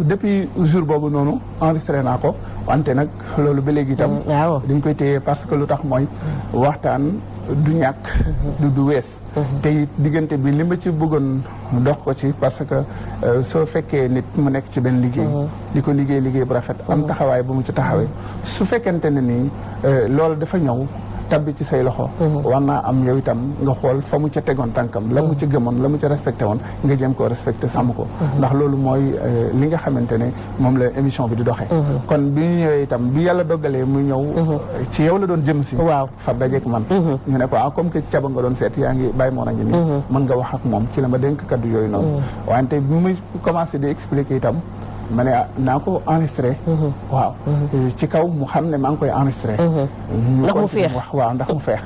Speaker 2: depuis jour boobu noonu enregistré naa ko wante nag loolu ba léegi itam. Mm, waaw dañ koy téye parce que lu tax mooy waxtaan du ñàkk. du du wees. Mm-hmm. te it diggante bi li ma ci bëggoon dox ko ci parce que euh, soo fekkee nit mu nekk ci benn liggéey. Mm-hmm. di ko liggéey liggéey bu rafet. am mm-hmm. taxawaay bu mu ci taxawee su fekkente ne nii euh, loolu dafa ñëw. tabbi ci say loxo mhm. war naa am yow itam nga xool fa mu tegoon tànkam la mu mhm. ca gëmoon la mu ca respecté woon nga jéem koo respecté sàmm ko mhm. ndax loolu mooy eh, li nga xamante ne moom la émission bi di doxee kon bi ñu ñëwee itam bi yàlla dogalee mu ñëw eh, ci yow la doon jëm si waaw fa dajeek man ñu ne ko ah comme que ci caba nga doon seet yaa ngi bàyyi moon a ngi nii mën nga wax ak moom ci la ma dénk kaddu yooyu noonu wante bi muy commencé di expliquer itam ma ne ah, naa ko enregistré. Mhm. waaw mhm. ci kaw mu xam ne maa ngi koy enregistré. Mhm. ndax mu feex waaw ndax mu feex.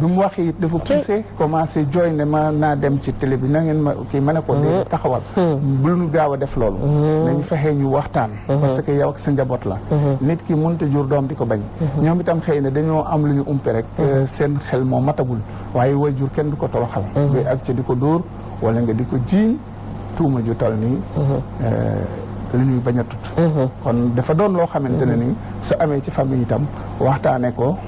Speaker 2: bi mu wax it dafa poussé commencé jooy ne ma naa dem ci télé bi nangeen ma kii ma ne ko dee taxawal. bul ñu gaaw a def loolu. nañu fexe ñu waxtaan. parce que yow ak sa njaboot la. nit ki mënut a jur doom di ko bañ. ñoom itam xëy na dañoo am lu ñu umpe rek. Euh, seen xel moo matagul waaye waajur kenn du ko toroxal. ak ci di ko dóor wala nga di ko jiiñ tuuma ju toll nii. Euh, la ñuy bañ a tudd mhm. kon dafa doon loo xamante ne ni mhm. su amee ci famille itam waxtaane ko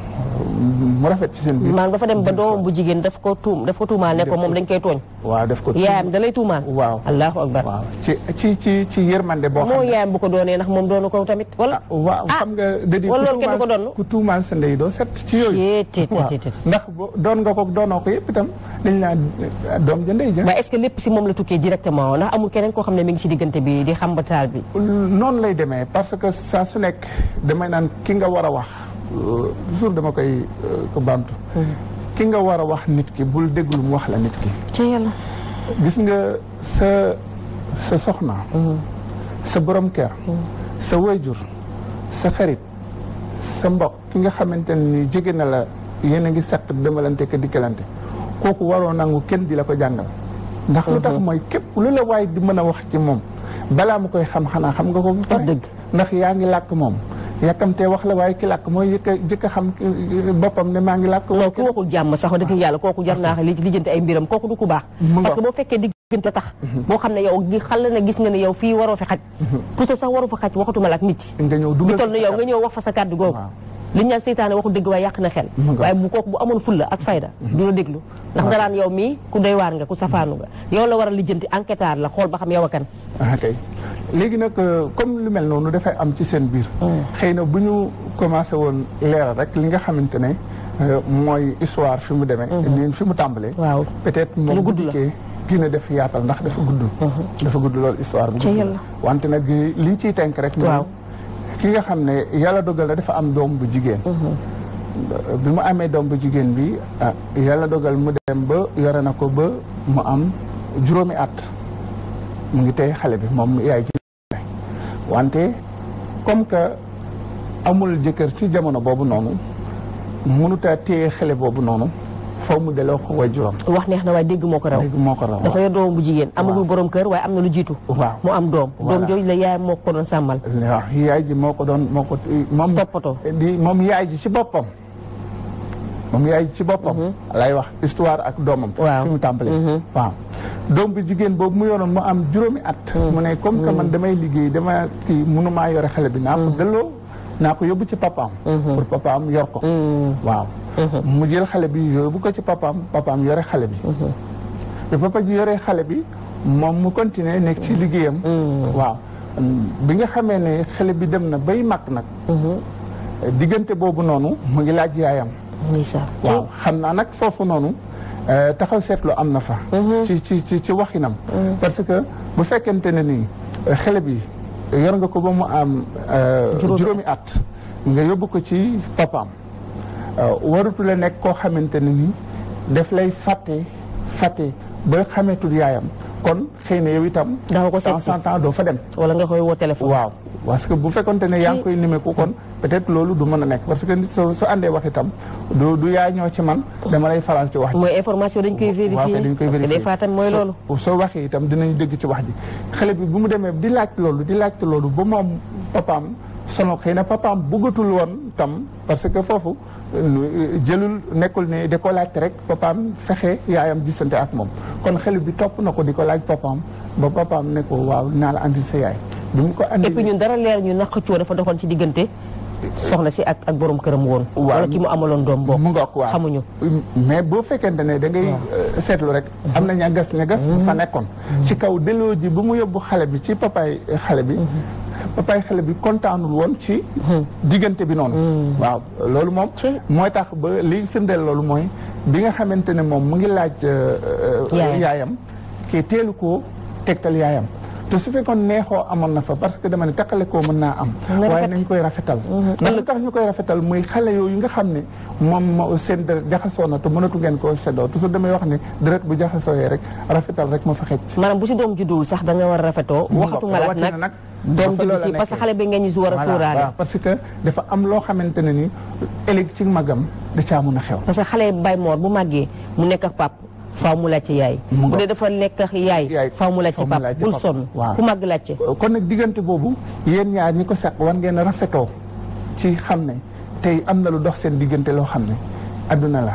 Speaker 2: mu rafet ci seen biir. maanaam
Speaker 1: dafa dem ba doom bu jigéen daf ko tuum daf ko tuumaal ne ko moom dañ koy tooñ.
Speaker 2: waaw daf ko tuum yaayam
Speaker 1: da lay tuumaal. waaw
Speaker 2: allahu akbar. waaw ci ci ci ci yërmande boo. xam
Speaker 1: ne moo bu ko doonee ndax moom doonu ko tamit. wala ah, waaw ah, xam nga.
Speaker 2: déedéet wala loolu kenn du ko doon ku tuumaal sa ndey doo set. ci yooyu waaw ndax doon nga ko doonoo ko yëpp itam naa doom ja ndey ja. ce que lépp si moom la tukkee directement ndax amul keneen koo xam ne mi ngi si diggante bi di xam ba taal bi. noonu lay demee parce que saa su nekk damay naan ki nga war a wax toujours euh, dama koy euh, ko bantu hmm. ki nga war a wax nit ki bul déglu mu wax la nit ki ci gis nga sa sa soxna hmm. sa borom hmm. wayjur sa xarit sa mbokk ki nga xamante ni jege na la yéen a ngi seq demalante ka dikkalante kooku waroo nangu kenn di la ko jàngal ndax lu tax mooy képp di mën a wax moom balaa mu koy xam xanaa xam nga ko bu ndax yaa ngi làkk moom yàkkamtee wax la waaye ki làkk mooy jëkk a jëkk a xam euh, boppam ne maa ngi làkk waaye ku waxul jàmm sax dëgg yàlla kooku
Speaker 1: jar naa li lijjanti ay mbiram kooku du ku baax parce que boo fekkee diggante tax mhm. boo xam ne yow gi xal na gis nga ne yow fii waroo fi xaj puso mhm. sax waroo fa xaj waxatuma la ak nit ci nga ñëw dugal bi toll na yow nga ñëw wax fa sa kàddu googu li ñu naan seytaane waxul dëgg waaye yàq na xel waaye bu kooku bu amoon fulla ak fayda mhm. du déglu ndax daraan yow mii ku doy waar nga ku safaanu nga yow la war a lijjanti enquêteur la xool ba xam yow a kan
Speaker 2: ah, léegi nag euh, comme lu mel noonu dafay am ci seen biir hmm. xëy na bu ñu commencé woon leeral rek li nga xamante ne euh, mooy histoire fi mu demee hmm. niin fi mu tàmbalee waaw peut-être moom bu dikkee gën a def yaatal ndax dafa gudd hmm. dafa gudd loolu histoire bu gudd wante nag li ciy tenk rek waaw ki nga xam ne yàlla dogal na dafa am doom bu jigéen mm-hmm. bi mu amee doom bu jigéen bi ah, yàlla dogal mu dem ba yore na ko ba mu am juróomi at mu ngi tey xale bi moom yaay ji wante comme que amul jëkkër ci jamono boobu noonu mënuta téye xale boobu noonu faw mu delloo ko waajuram wax neex na waaye dégg moo ko raw dégg moo ko raw dafa yor doomam bu jigéen
Speaker 1: am lu jiitu waaw
Speaker 2: mu am doom doom jooju la yaay moo ko doon sàmmal waaw ji moo ko doon moo ko moom toppatoo di yaay ji ci boppam ci boppam mm-hmm. lay wax histoire ak doomam mu tàmbalee mm-hmm. waaw doom bi jigéen boobu mu yoroon mu am juróomi at mm-hmm. mu ne comme que damay liggéey dama kii mënumaa yore xale bi naa ko delloo naa ko yóbbu ci papaam pour papaam yor ko waaw mu jël xale bi yóbbu ko ci papaam papaam yore xale bi te papa ji yore xale bi moom mu continuer nekk ci liggéeyam mm-hmm. waaw bi nga xamee ne xale bi dem na bay mag nag mm-hmm. diggante boobu noonu mu ngi laaj yaayam waaw xam naa nag foofu noonu eh, taxaw seetlu am na fa mm-hmm. ci ci ci ci waxinam parce que bu fekkente ne nii eh, xale bi yor nga ko ba mu am eh, juróomi at nga yóbbu ko ci papaam Euh, warutu la nekk koo xamante ne ni daf lay fàtte fàtte ba xametul yaayam kon xëy na yow itam. daaw ko seet temps temps doo fa dem. wala nga koy woo téléphone. waaw parce que bu fekkonte ne yaa ngi koy nimeku kon peut-être loolu du mën a nekk parce que nit soo soo àndee wax itam du du yaay ñoo ci man dama lay faral ci wax. mooy
Speaker 1: information dañ koy vérifier waaw dañ koy vérifier parce que des fois tam mooy loolu.
Speaker 2: soo waxee itam dinañ dégg ci wax ji xale bi bu mu demee di laajte loolu di laajte loolu ba mu moom papaam. solo xëy na papaam bëggatul woon tam parce que foofu euh, jëlul nekkul ne da ko laaj rek papaam fexe yaayam gisante ak moom kon xelu bi topp na ko di ko laaj papaam ba papaam ne ko waaw naa la andil sa yaay. bi mu ko andil et puis
Speaker 1: dara leer naq coo dafa doxoon ci diggante. soxna
Speaker 2: si ak ak borom këram woon. wala ki mu amaloon doom boobu mu nga waaw xamuñu. mais boo fekkente ne da ngay euh, seetlu rek. am na ñagas ñagas. Mm-hmm. fa nekkoon. Mm-hmm. ci kaw delloo ji bu mu yóbbu xale bi ci papaay xale bi. Mm-hmm. ba pare xale bi kontaanul woon ci diggante bi noonu hmm. waaw loolu moom mooy tax ba li firndeel loolu mooy bi nga xamante ne moom mu ngi laaj euh, euh, yaayam kii teelu ko tegtal yaayam te su fekkoon neexoo amoon na fa parce que dama ne takkale koo mën naa am waaye nañ koy rafetal mm-hmm. ndax lu tax ñu koy rafetal muy xale yooyu nga xam ne moom seen deret jaxasoo na te mënatu ngeen koo seddoo toujours damay wax ne deret bu jaxasooyee rek rafetal rek ma fa xëcc maanaam bu si doom judduwul sax da nga war a rafetoo waxatu nga laat nag doom juddu si parce que xale ngeen ñu si war a suuraale que dafa am loo xamante ne ni ëllëg ci magam da caa mën a xew parce que xale
Speaker 1: bay moor bu màggee mu nekka ak
Speaker 2: pap faaw mu laajte yaay. bu dee dafa nekk yaay. faaw mu laajte papa bul sonn ku màgg laajte. Euh, kon nag diggante boobu yéen ñaar ñi ko sax war ngeen a rafetoo ci xam ne tey am na lu dox seen diggante loo xam ne adduna la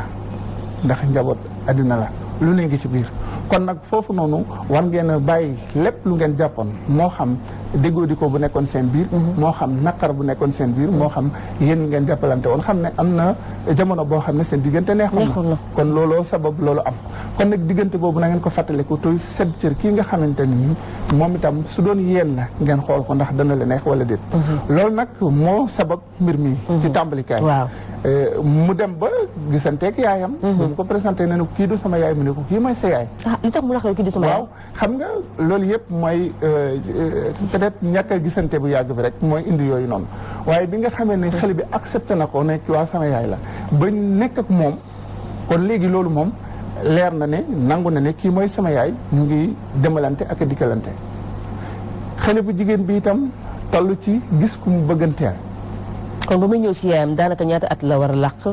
Speaker 2: ndax njaboot adduna la lu ne ngi ci biir kon nag foofu noonu war ngeen bàyyi lépp lu ngeen jàppoon moo xam. déggoo di ko bu nekkoon seen biir mhm. moo xam naqar bu nekkoon seen biir moo xam yéen ngeen jàppalante woon xam ne am na jamono boo xam ne seen diggante neexoon na kon looloo sabab loolu am kon nag diggante boobu na ngeen ko fàttaliku toy sedd cër kii nga xamante ni moom itam su doon yéen na ngeen xool ko ndax dana la neex wala déet mhm. loolu nag moo sabab mbir mi ci mhm. tàmbalikaay Eh, mu dem ba gisanteeg yaayam. Mhm. ba mu ko présenté ne kii du sama yaay mu ne ko kii mooy sa yaay. Ah, li tax mu la xew kii du waaw xam nga loolu yëpp mooy eh, eh, peut-être ñàkk a gisante bu yàgg bi rek mooy indi yooyu noonu waaye bi nga xamee ne mhm. xale bi accepté na ko ne waa sama yaay la ba nekk ak moom kon léegi loolu moom leer na ne nangu na ne kii mooy sama yaay mu ngi demalante ak a dikkalante xale bu jigéen bi itam toll ci gis ku mu bëgganteel. kon ba muy ñëw si yaayam daanaka ñaata at la war a làq.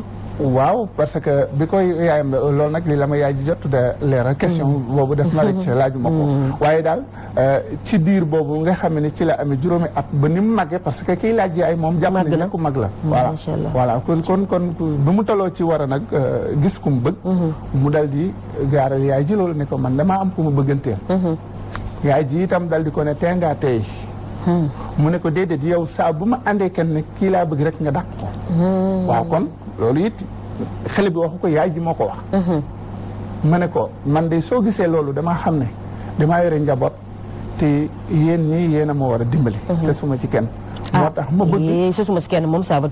Speaker 2: waaw parce que bi koy yaayam loolu nag lii la ma yaay ji jot de leeral question mm. boobu def na la ci mm-hmm. laajuma mm. waaye daal euh, ci diir boobu nga xam ne ci la amee juróomi at ba ni mu màggee parce que kiy laaj yaay moom jàpp nañ ne ku mag la mm, voilà voilà kon kon kon bi mu toloo ci war a nag euh, gis ku mu bëgg mm-hmm. mu dal di gaaral yaay ji loolu ne ko man damaa am ku mu bëgganteel mm-hmm. yaay ji itam dal di ko ne teengaa Hmm. mu ne ko déedéet yow saa bu ma àndee kenn kii laa bëgg rek nga dàq ko. Hmm. waaw kon loolu it xale bi waxu ko yaay ji moo ko wax. Hmm. ma ne ko man de soo gisee loolu damaa xam ne damaa yore njaboot te yéen ñii yéen a war a dimbali. c'est suma ci kenn. Ah. moo tax ma bëgg
Speaker 1: c'est eh, suma ci moom ça va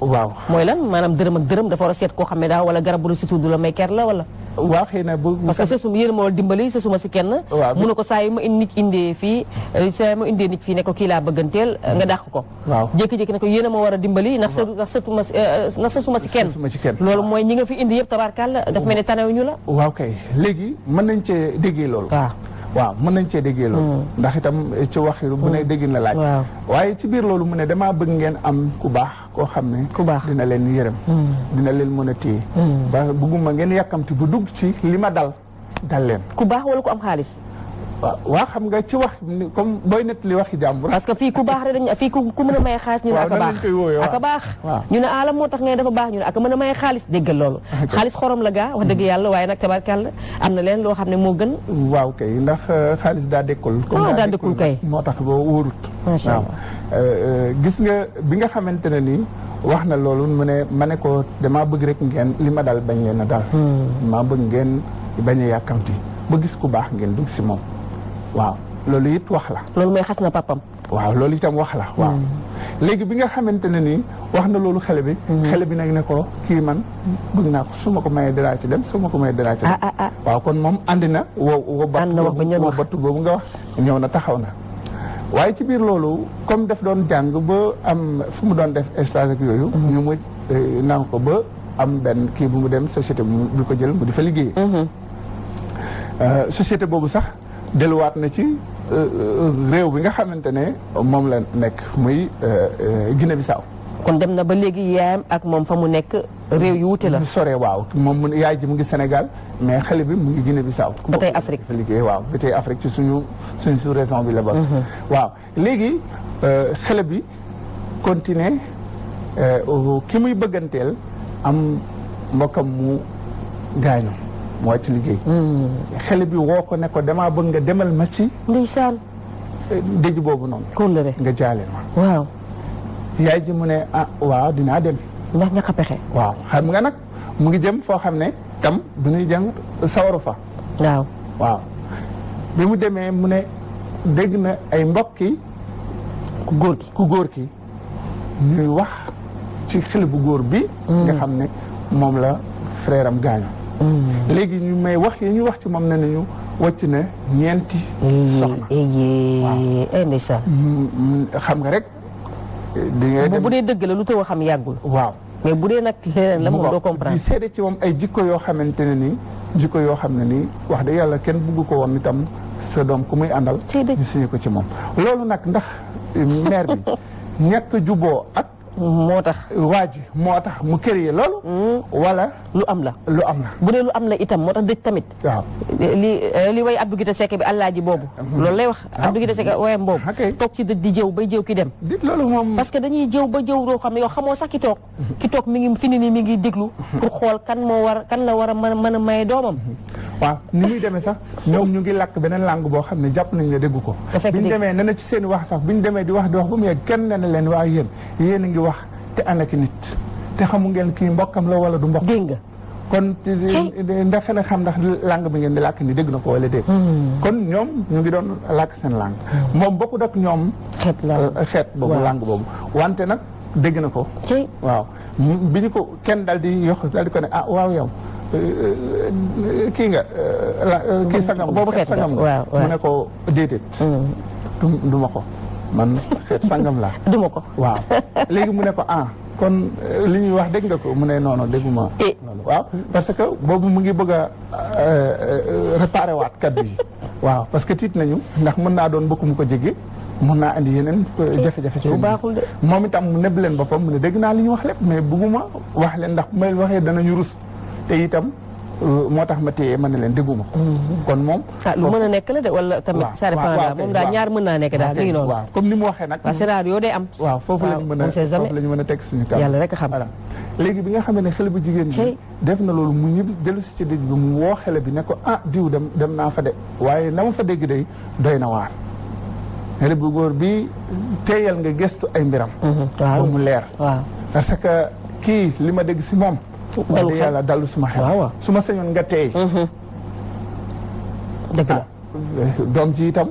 Speaker 1: waaw mooy lan maanaam dërëm ak dërëm dafa war a seet koo xam ne daa wala garab bu la si tudd la may ker la wala. waaw xëy na bu parce que sësu yéen moo dimbali sësu ma si kenn waaw mu ne ko saa yi ma indi nit indee fii euh, saa yi ma indee nit fii ne ko kii laa bëgganteel euh, nga dàq ko waaw jékki-jékki ne ko yéen a ma war a dimbali ndax së ndax sëtu ma euh, si ndax sësu ma si kenn loolu mooy ñi nga fi indi yëpp tabaarkàlla daf mel ne tanewuñu la
Speaker 2: waaw kay léegi mën nañ cee déggee loolu waaw waaw mën nañ cee déggee loolu hmm. ndax itam ci wax mu ne hmm. dégg na laaj waaye ci biir loolu mu ne damaa bëgg ngeen am ku baax koo xam ne ku baax dina leen yërëm hmm. dina leen mën a téye hmm. ba ma ngeen yàkkamti bu dugg ci li ma dal dal leen ku baax wala ku am xaalis waaw xam nga ci wax comme booy nettali waxi jàmbur. parce que fii ku baax rek dañu fii ku a may xaalis ñu ne aka baax aka baax
Speaker 1: ñu ne alam moo tax ngay a may xaalis déggal loolu [LAUGHS] xaalis xorom la gaa wax dëgg hmm. yàlla waaye nag tabarkàlla
Speaker 2: am na leen loo xam ne moo gën waaw kay ndax euh, xaalis daa dékkul ah, comme daa dékkul kay moo tax ba wóorut euh, euh, gis nga bi nga xamante ne nii wax na loolu mu ne ma ne ko damaa bëgg rek ngeen li ma dal bañ leen a dal hmm. maa bëgg ngeen bañ a ba gis ku baax ngeen dugg si moom waaw loolu it wax la. loolu may xas na papam. waaw loolu itam wax la waaw. Hmm. léegi bi nga xamante ne nii wax na loolu xale bi. Hmm. xele bi nag ne ko kii man bëgg naa ko su ma ko mayee dinaa ci dem su ma ko mayee dinaa ci dem. Ah, ah, ah. waaw kon moom andi na. wax wo wo battu boobu nga wax ñëw na taxaw na. waaye ci biir loolu comme daf doon jàng ba am fu mu doon def stage yooyu. Hmm. ñu mu eh, nangu ko ba am benn kii bu mu dem société di ko jël mu di fa liggéey. Euh, société boobu sax. delluwaat na ci euh, euh, réew bi nga xamante ne moom la nekk muy euh, Guinée Bissau kon dem na ba léegi yaayam ak moom fa mu nekk réew yu wute la. sore waaw moom mu yaay ji mu ngi Sénégal mais xale bi mu ngi Guinée Bissau. ba tey Afrique liggéey waaw ba tey Afrique ci suñu suñu sous-région bi la ba. Mhm. waaw léegi xale bi continuer ki muy bëgganteel am mbokkam mu gaañu. moo ci liggéey. Hmm. xele bi woo ko ne ko damaa bëgg nga demal ma ci. ndeysaan. dëj boobu noonu. kóllëre nga jaale ma. waaw. yaay ji mu ne ah waaw dinaa dem. ndax ñax pexe. waaw xam nga nag mu ngi jëm foo xam ne tam bu jàng sawaru fa. waaw mu demee mu ne dégg na ay mbokk yi. ku góor ki ku góor ki ñuy wax ci xale bu góor bi. Hmm. nga xam ne moom la frère am gaañoo. léegi ñu may wax yi ñu wax ci moom ne nañu wàcc na ñeenti soxna eh, eh, eh, mm, mm, xam nga rek di ngay dem bu dee dëgg la lu taw a xam yàggul waaw mais bu dee nag leneen la moom doo comprendre di seede ci moom ay jikko yoo xamante ne nii jikko yoo xam ne nii wax dëgg yàlla kenn bugg ko woon itam sa doom ku muy àndal ñu signé ko ci moom loolu nag ndax maire bi [LAUGHS] ñàkk juboo ak moo tax waa ji moo tax mu kër yi loolu. Mm. wala lu am la. lu am la bu dee lu am la itam moo tax dëj tamit. waaw
Speaker 1: li eh, li way Abdou Guité Seck bi àllaaji boobu. Mm-hmm. loolu lay wax ah. Abdou Guité Seck wayam boobu. Ah, toog ci dëj di jëw bay jëw ki dem. dit loolu moom parce que dañuy jëw ba jëw doo xam ne yow xamoo sax ki toog. Mm-hmm. ki toog mi ngi fi ni mi ngi déglu. Mm-hmm. pour xool kan moo war kan la war a mën mën a may doomam.
Speaker 2: waaw ni ñuy demee sax ñoom ñu ngi làkk beneen langue boo xam ne jàpp nañ ne dégg ko. seen wax sax bi ñu demee di wax di wax ba mu leen waa yéen wax te ànd nit te xamu ngeen ki mbokkam la wala du mbokk dégg nga kon ndax na xam ndax langue bi ngeen di làkk ni dégg na ko wala dégg hmm. kon ñoom ñu ngi doon làkk seen langue hmm. moom bokkut ak ñoom xeet euh, boobu langue boobu wante nag dégg na ko waaw bi ñu ko kenn dal di yox daal di ko ne ah waaw yow euh, euh, kii nga kii sangam boobu sangam nga mu ne ko déedéet hmm. du ma ko man sangam laa. [LAUGHS] duma ko waaw léegi mu ne ko ah. kon euh, li ñuy wax dëgg nga ko mu ne non non dégguma noonu eh. parce que boobu mu ngi bëgg a euh, réparé waat kaddu yi waaw parce que tiit nañu ndax mën naa doon mbokk mu ko jege mun naa andi yeneen euh, jafe-jafe seen baaxul de moom itam mu nebb leen boppam mu ne dégg naa li ñu wax lépp mais bëgguma wax leen ndax bu ma leen waxee danañu rus te itam moo tax ma téye ma ne leen dégguma ko kon moom ah, lu mën a
Speaker 1: nekk la de wala tamit ça dépend daal moom daal ñaar mën naa nekk daal mi ngi noonu waaw comme ni mu waxee nag a foofu
Speaker 2: lañ léegi bi nga xam ne xale bu jigéen bi def na loolu mu ñibbi dellu si ci dëj bi mu woo xale bi ne ko ah diw dem dem naa fa de waaye na ma fa dégg day doy na waar xale bu góor bi teeyal nga gestu ay mbiram mhm, ba mu leer parce que kii li ma dëgg si moom dalu xel yàlla dalu suma xel. waaw su ma sañoon nga teey. Mhm. doom ji itam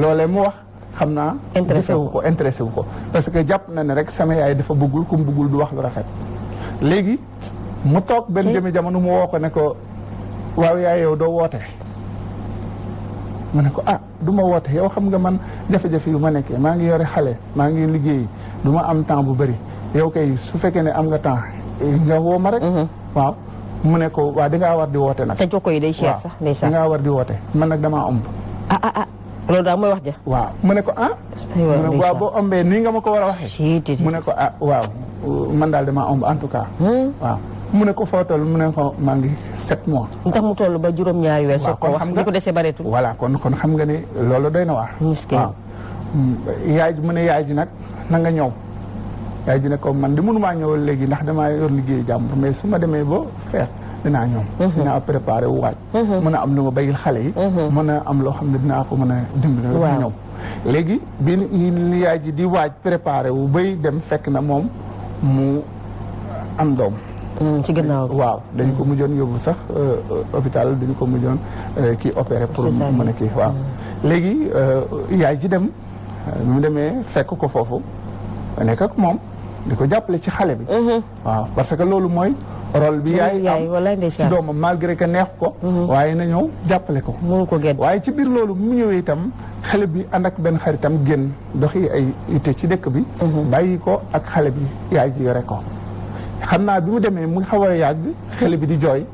Speaker 2: loole mu wax xam naa. intéressé wu ko intéressé wu ko parce que jàpp na ne rek sama yaay dafa bëggul ku buggul du wax lu rafet. léegi mu toog benn jëmi jamono mu woo ko ne ko waaw yaay yow doo woote. mu ne ko ah du ma woote yow xam nga man jafe-jafe yu ma nekkee maa ngi yore xale maa ngi liggéey du ma am temps bu bëri yow kay su fekkee ne am nga temps. nga woo ma rek. Mhm. waaw mu ne ko waa dangaa war di woote nag. te jokko yi day cher sax ndeysaan dangaa war di woote man nag damaa ëmb. ah ah ah daal mooy wax ja. waaw mu ne ko ah. mu ne ko waaw boo ëmbee nii nga ma ko war a waxee. mu ne ko ah waaw man daal damaa ëmb en tout cas. Hmm? waaw mu ne ko foo mu ne maa ngi sept mois. ndax mu toll ba juróom-ñaari weer. waaw kon xam nga ko dese bareetul. voilà kon kon xam nga ni loolu doy na waar. Mm, yaay ji yaay ji nag na nga ñëw. yaay ji ne ko man di mënumaa ñëw léegi ndax damaa yor liggéey jàmbur mais su ma demee ba feet dinaa ñoom mhm. dinaa préparé wu waaj mhm. mën a am lu ma bayil xale yi mhm. mën a am loo xam ne dinaa ko mën a dimbali waaw ñoom léegi bi yaay ji di waaj préparé wu bay dem fekk na moom mu doom ci waaw dañ ko mujjoon yóbbu sax euh, hôpital dañ ko mujjoon euh, kii opéré pour mën a kii waaw léegi euh, yaay ji dem mu demee fekk ko foofu nekk ak moom di ko jàppale ci xale bi. Mm-hmm. waaw parce que loolu mooy. role bi yaay am ci doomam malgré que neex ko. Mm-hmm. waaye na ñëw jàppale ko. mënu ko gën waaye ci biir loolu mu ñëwee itam xale bi ànd ak benn xaritam génn doxi ay ite ci dëkk bi. Mm-hmm. bàyyi ko ak xale bi yaay ji yore ko. xam naa bi mu demee mu xaw a yàgg xale bi di jooy.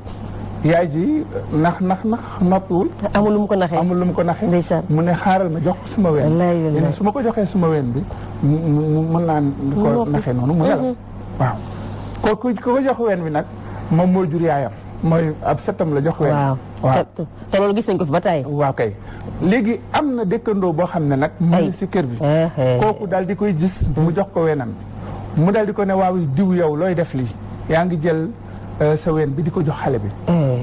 Speaker 2: yaay ji euh, nax nax nax noppiwul. amul lu mu ko naxee amul lu mu ko naxee. mu ne xaaral ma jox ko suma ween. su ma ko joxee suma ween bi. mu mën naa ko naxee noonu mu yàlla mm-hmm. waaw kooku ku ko jox ween bi nag moom moo jur yaayam mooy ab setam la jox ween waaw te ba tey waaw kay léegi am na dëkkandoo boo xam ne nag mu ngi si kër bi kooku daal di koy gis mu jox ko weenam mu daal di ko ne waaw diw yow looy def lii yaa ngi jël euh, sa ween bi di ko jox xale bi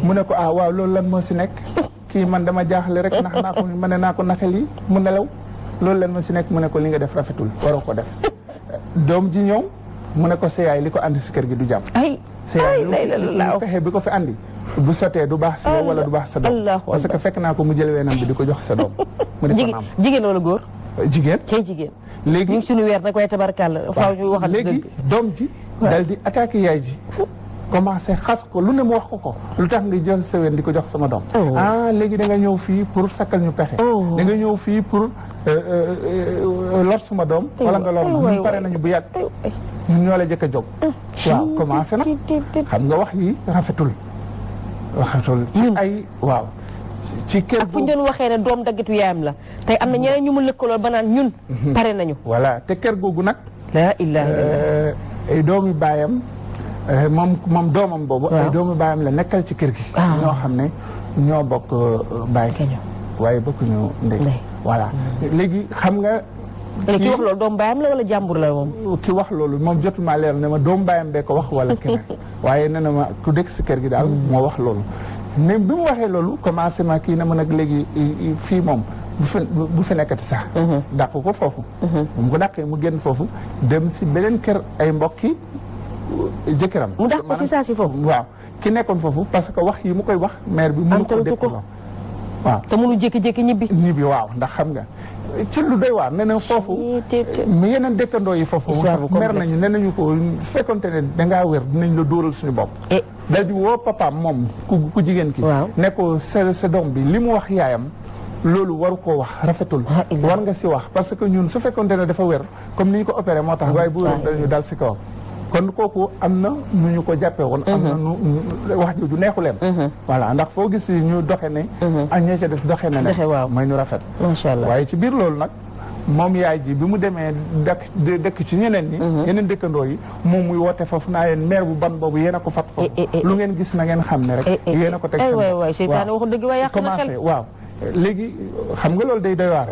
Speaker 2: mu ne ko ah waaw loolu lan moo si nekk [LAUGHS] kii man dama jaaxle rek nax naa ko mën naa ko naxel yi mu nelaw lool leen ma si nekk mu ne ko li nga def rafetul waroo ko def doom ji ñëw mu ne ko seyaay li ko andi si kër gi du jàmm ay seyaay lu fexe bi ko fi andi bu sotee du baax si wala du baax sa doom parce que fekk naa ko mu jël weenam bi di ko jox sa doom mu jigéen wala góor jigéen cay jigéen léegi ñu ngi suñu weer nag waaye tabarkàlla faaw ñu waxal léegi doom ji dal di attaqué yaay ji commencé xas ko lu ne mu wax ko ko lu tax nga jël sa ween di ko jox sama doom oh. ah léegi da ñëw fii pour sakkal ñu pexe oh. da ñëw fii pour Eh, eh, eh, lor suma doom. wala nga lor ma pare nañu bu yàgg. ñun ñoo la jëkk a jóg. Ah, waaw commencé na xam nga wax yi rafetul. rafetul ci ay waaw. ci kër ak fu
Speaker 1: waxee ne doom daggitu yaayam la tey am na ñeneen ñu lëkkaloo
Speaker 2: ba ñun. Mhm. pare nañu. voilà te kër googu nag. la doomi baayam moom moom doomam boobu. ay doomi baayam la nekkal ci kër gi. Ah. ñoo xam ne ñoo bokk baay. waaye bokkuñu ndey. voilà léegi xam nga. ki wax loolu doomu baayam la wala jàmbur la moom. Euh, ki wax loolu moom jotuma leer ne ma doomu baayam bee ko wax walla keneen [LAUGHS] waaye nee na ma ku dëkk si kër gi daal mm. moo wax loolu. mais bi mu waxee loolu commencé ma kii na ma nag léegi fii moom bu fe bu fe sax. Mm-hmm. dàq ko foofu. Mm-hmm. mu mu génn foofu dem si beneen kër ay mbokki euh, jëkkëram. mu dàq ko foofu. waaw ki nekkoon foofu parce que wax yi mu koy wax. maire bi mënu ko dégg ko waaw te mënu jékki-jékki ñibbi. ñibbi waaw ndax xam nga ci lu doy waar nee na foofu. mu yeneen dëkkandoo yi foofu. mer nañu nee nañu ko fekkonte ne dangaa wér dinañ la dóoral suñu bopp. Eh. daal di woo papaam moom ku ku jigéen ki. waaw ne ko sa sa doom bi li mu wax yaayam. loolu waru koo wax rafetul. Ah, war nga si wax parce que ñun su fekkonte ne dafa wér comme ni ñu ko opéré moo tax. Ah, waaye bu wér dañu dal si kaw. kon kooku am na nu ñu ko jàppee woon. am na mhm. nu wax jooju neexu leen. Mhm. voilà ndax foo gis ñu doxe ne. Mhm. ak ñee ca des doxe na ne. waaw mooy ñu rafet. macha allah waaye ci biir loolu nag. moom yaay ji bi mu demee dëkk dëkk ci ñeneen ñi yeneen dëkkandoo yi moom muy woote foofu naa leen maire bu ban boobu yéen a ko fat foofu eh, eh, eh, lu ngeen gis na ngeen xam ne rek yéen a ko teg seen waaw commencé waaw léegi xam nga loolu day doy waar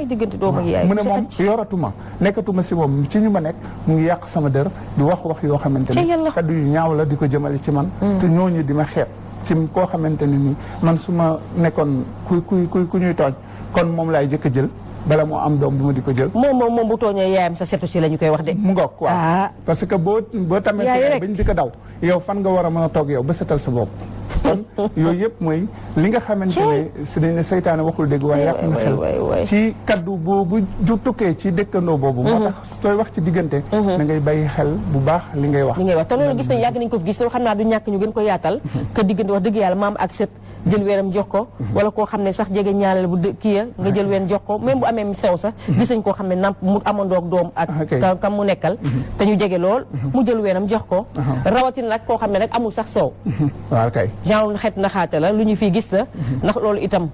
Speaker 2: mu ne moom yoratuma nekkatuma si moom ci ñu ma nekk mu ngi yàq sama dër di wax wax yoo xamante ne kaddu yu ñaaw la di ko jëmale ci man mm. te ñooñu di ma xeeb ci koo xamante ne nii man su ma nekkoon ku ku ku ku ñuy tooñ kon moom laay jëkk jël bala moo am doom bu ma di ko jël moom moom moom bu tooñee yaayam sa setu si la ñu koy wax de mu ngoog waaw ah. parce que boo boo tamee bañ di ko daw yow fan nga war a mën a toog yow ba setal sa bopp kon [LAUGHS] yooyu yëpp mooy li nga xamante ne si dañ ne seytaane waxul dégg waaye yàq na xel ci kaddu boobu ju tukkee ci dëkkandoo boobu moo mm-hmm. tax sooy wax ci diggante mm-hmm. na ngay bàyyi xel bu baax li ngay wax li ngay
Speaker 1: wax te loolu gis nañ yàgg nañ ko fi gis xam naa du ñàkk ñu gën ko yaatal que mm-hmm. dëgg yàlla ak sët jël weeram jox ko wala koo xam ne sax jege ñaalal bu kii nga jël ween jox ko même bu amee sew sax gis nañ koo xam ne namp mu amandoog doom ak ah, kam mu nekkal te ñu jege lool mu jël weenam jox ko uh-huh. rawatina nag koo xam ne nag amul sax soow genre xeet naxaate la lu ñu fi gis la mhm. ndax loolu itam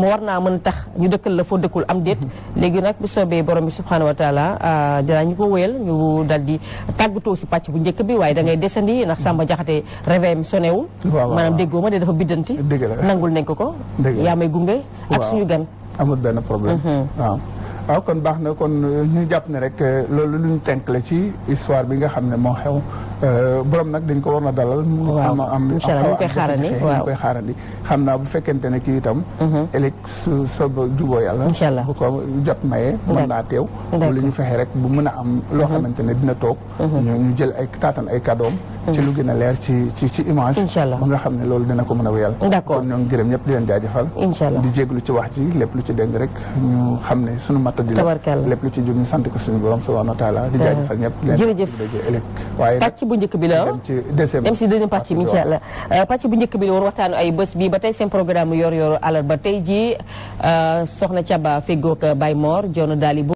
Speaker 1: mu war naa mën tax ñu dëkkal la foo dëkkul am déet mhm. léegi nag bu soobee borom bi subhaanahu wa taala ah, dinañu ko wéyal ñu dal di tàggatoo si pàcc bu njëkk bi waaye da ngay desandi ndax Samba Jaxate réveil mi soné wu maanaam déggoo ma de dafa biddanti nangul nañ ko ko yaa may gunge ak suñu gan
Speaker 2: amul benn problème mhm. waaw kon baax na kon ñu jàpp ne rek eh, loolu lu ñu tënk la ci histoire bi nga xam ne moo xew Euh, borom nag dañ ko war na dalal. waaw incha allah ñu koy xaarandi waaw koy xaarandi. xam naa bu fekkente ne kii itam. ëllëg su sa juboo yàlla. incha allah bu ko jot maye. mën naa teew. lu ñu fexe rek bu mën a am. loo mhm. xamante ne dina toog. Mhm. ñu jël ay taatan ay kadoom. Mhm. ci lu gën a leer ci ci ci image. incha allah xam ne loolu dina ko mën a wéyal. d' accord kon ñoo ngi gërëm ñëpp di leen jaajëfal. ci wax ji lépp lu ci dégg rek ñu xam ne sunu matta di la. tabarkalla lépp lu ci jóg ñu sant ko suñu borom subhanahu wa taala di jaajëfal ñëpp. jërëjëf leen pàcc bu njëkk bi la dem si deuxième partie bi incha allah
Speaker 1: euh, pàcc bu njëkk bi la woon waxtaanu ay bés bi ba tey seen programme yor yoru alar ba tey ji euh, soxna Thiaba feggoog Baye Mor Jono Dali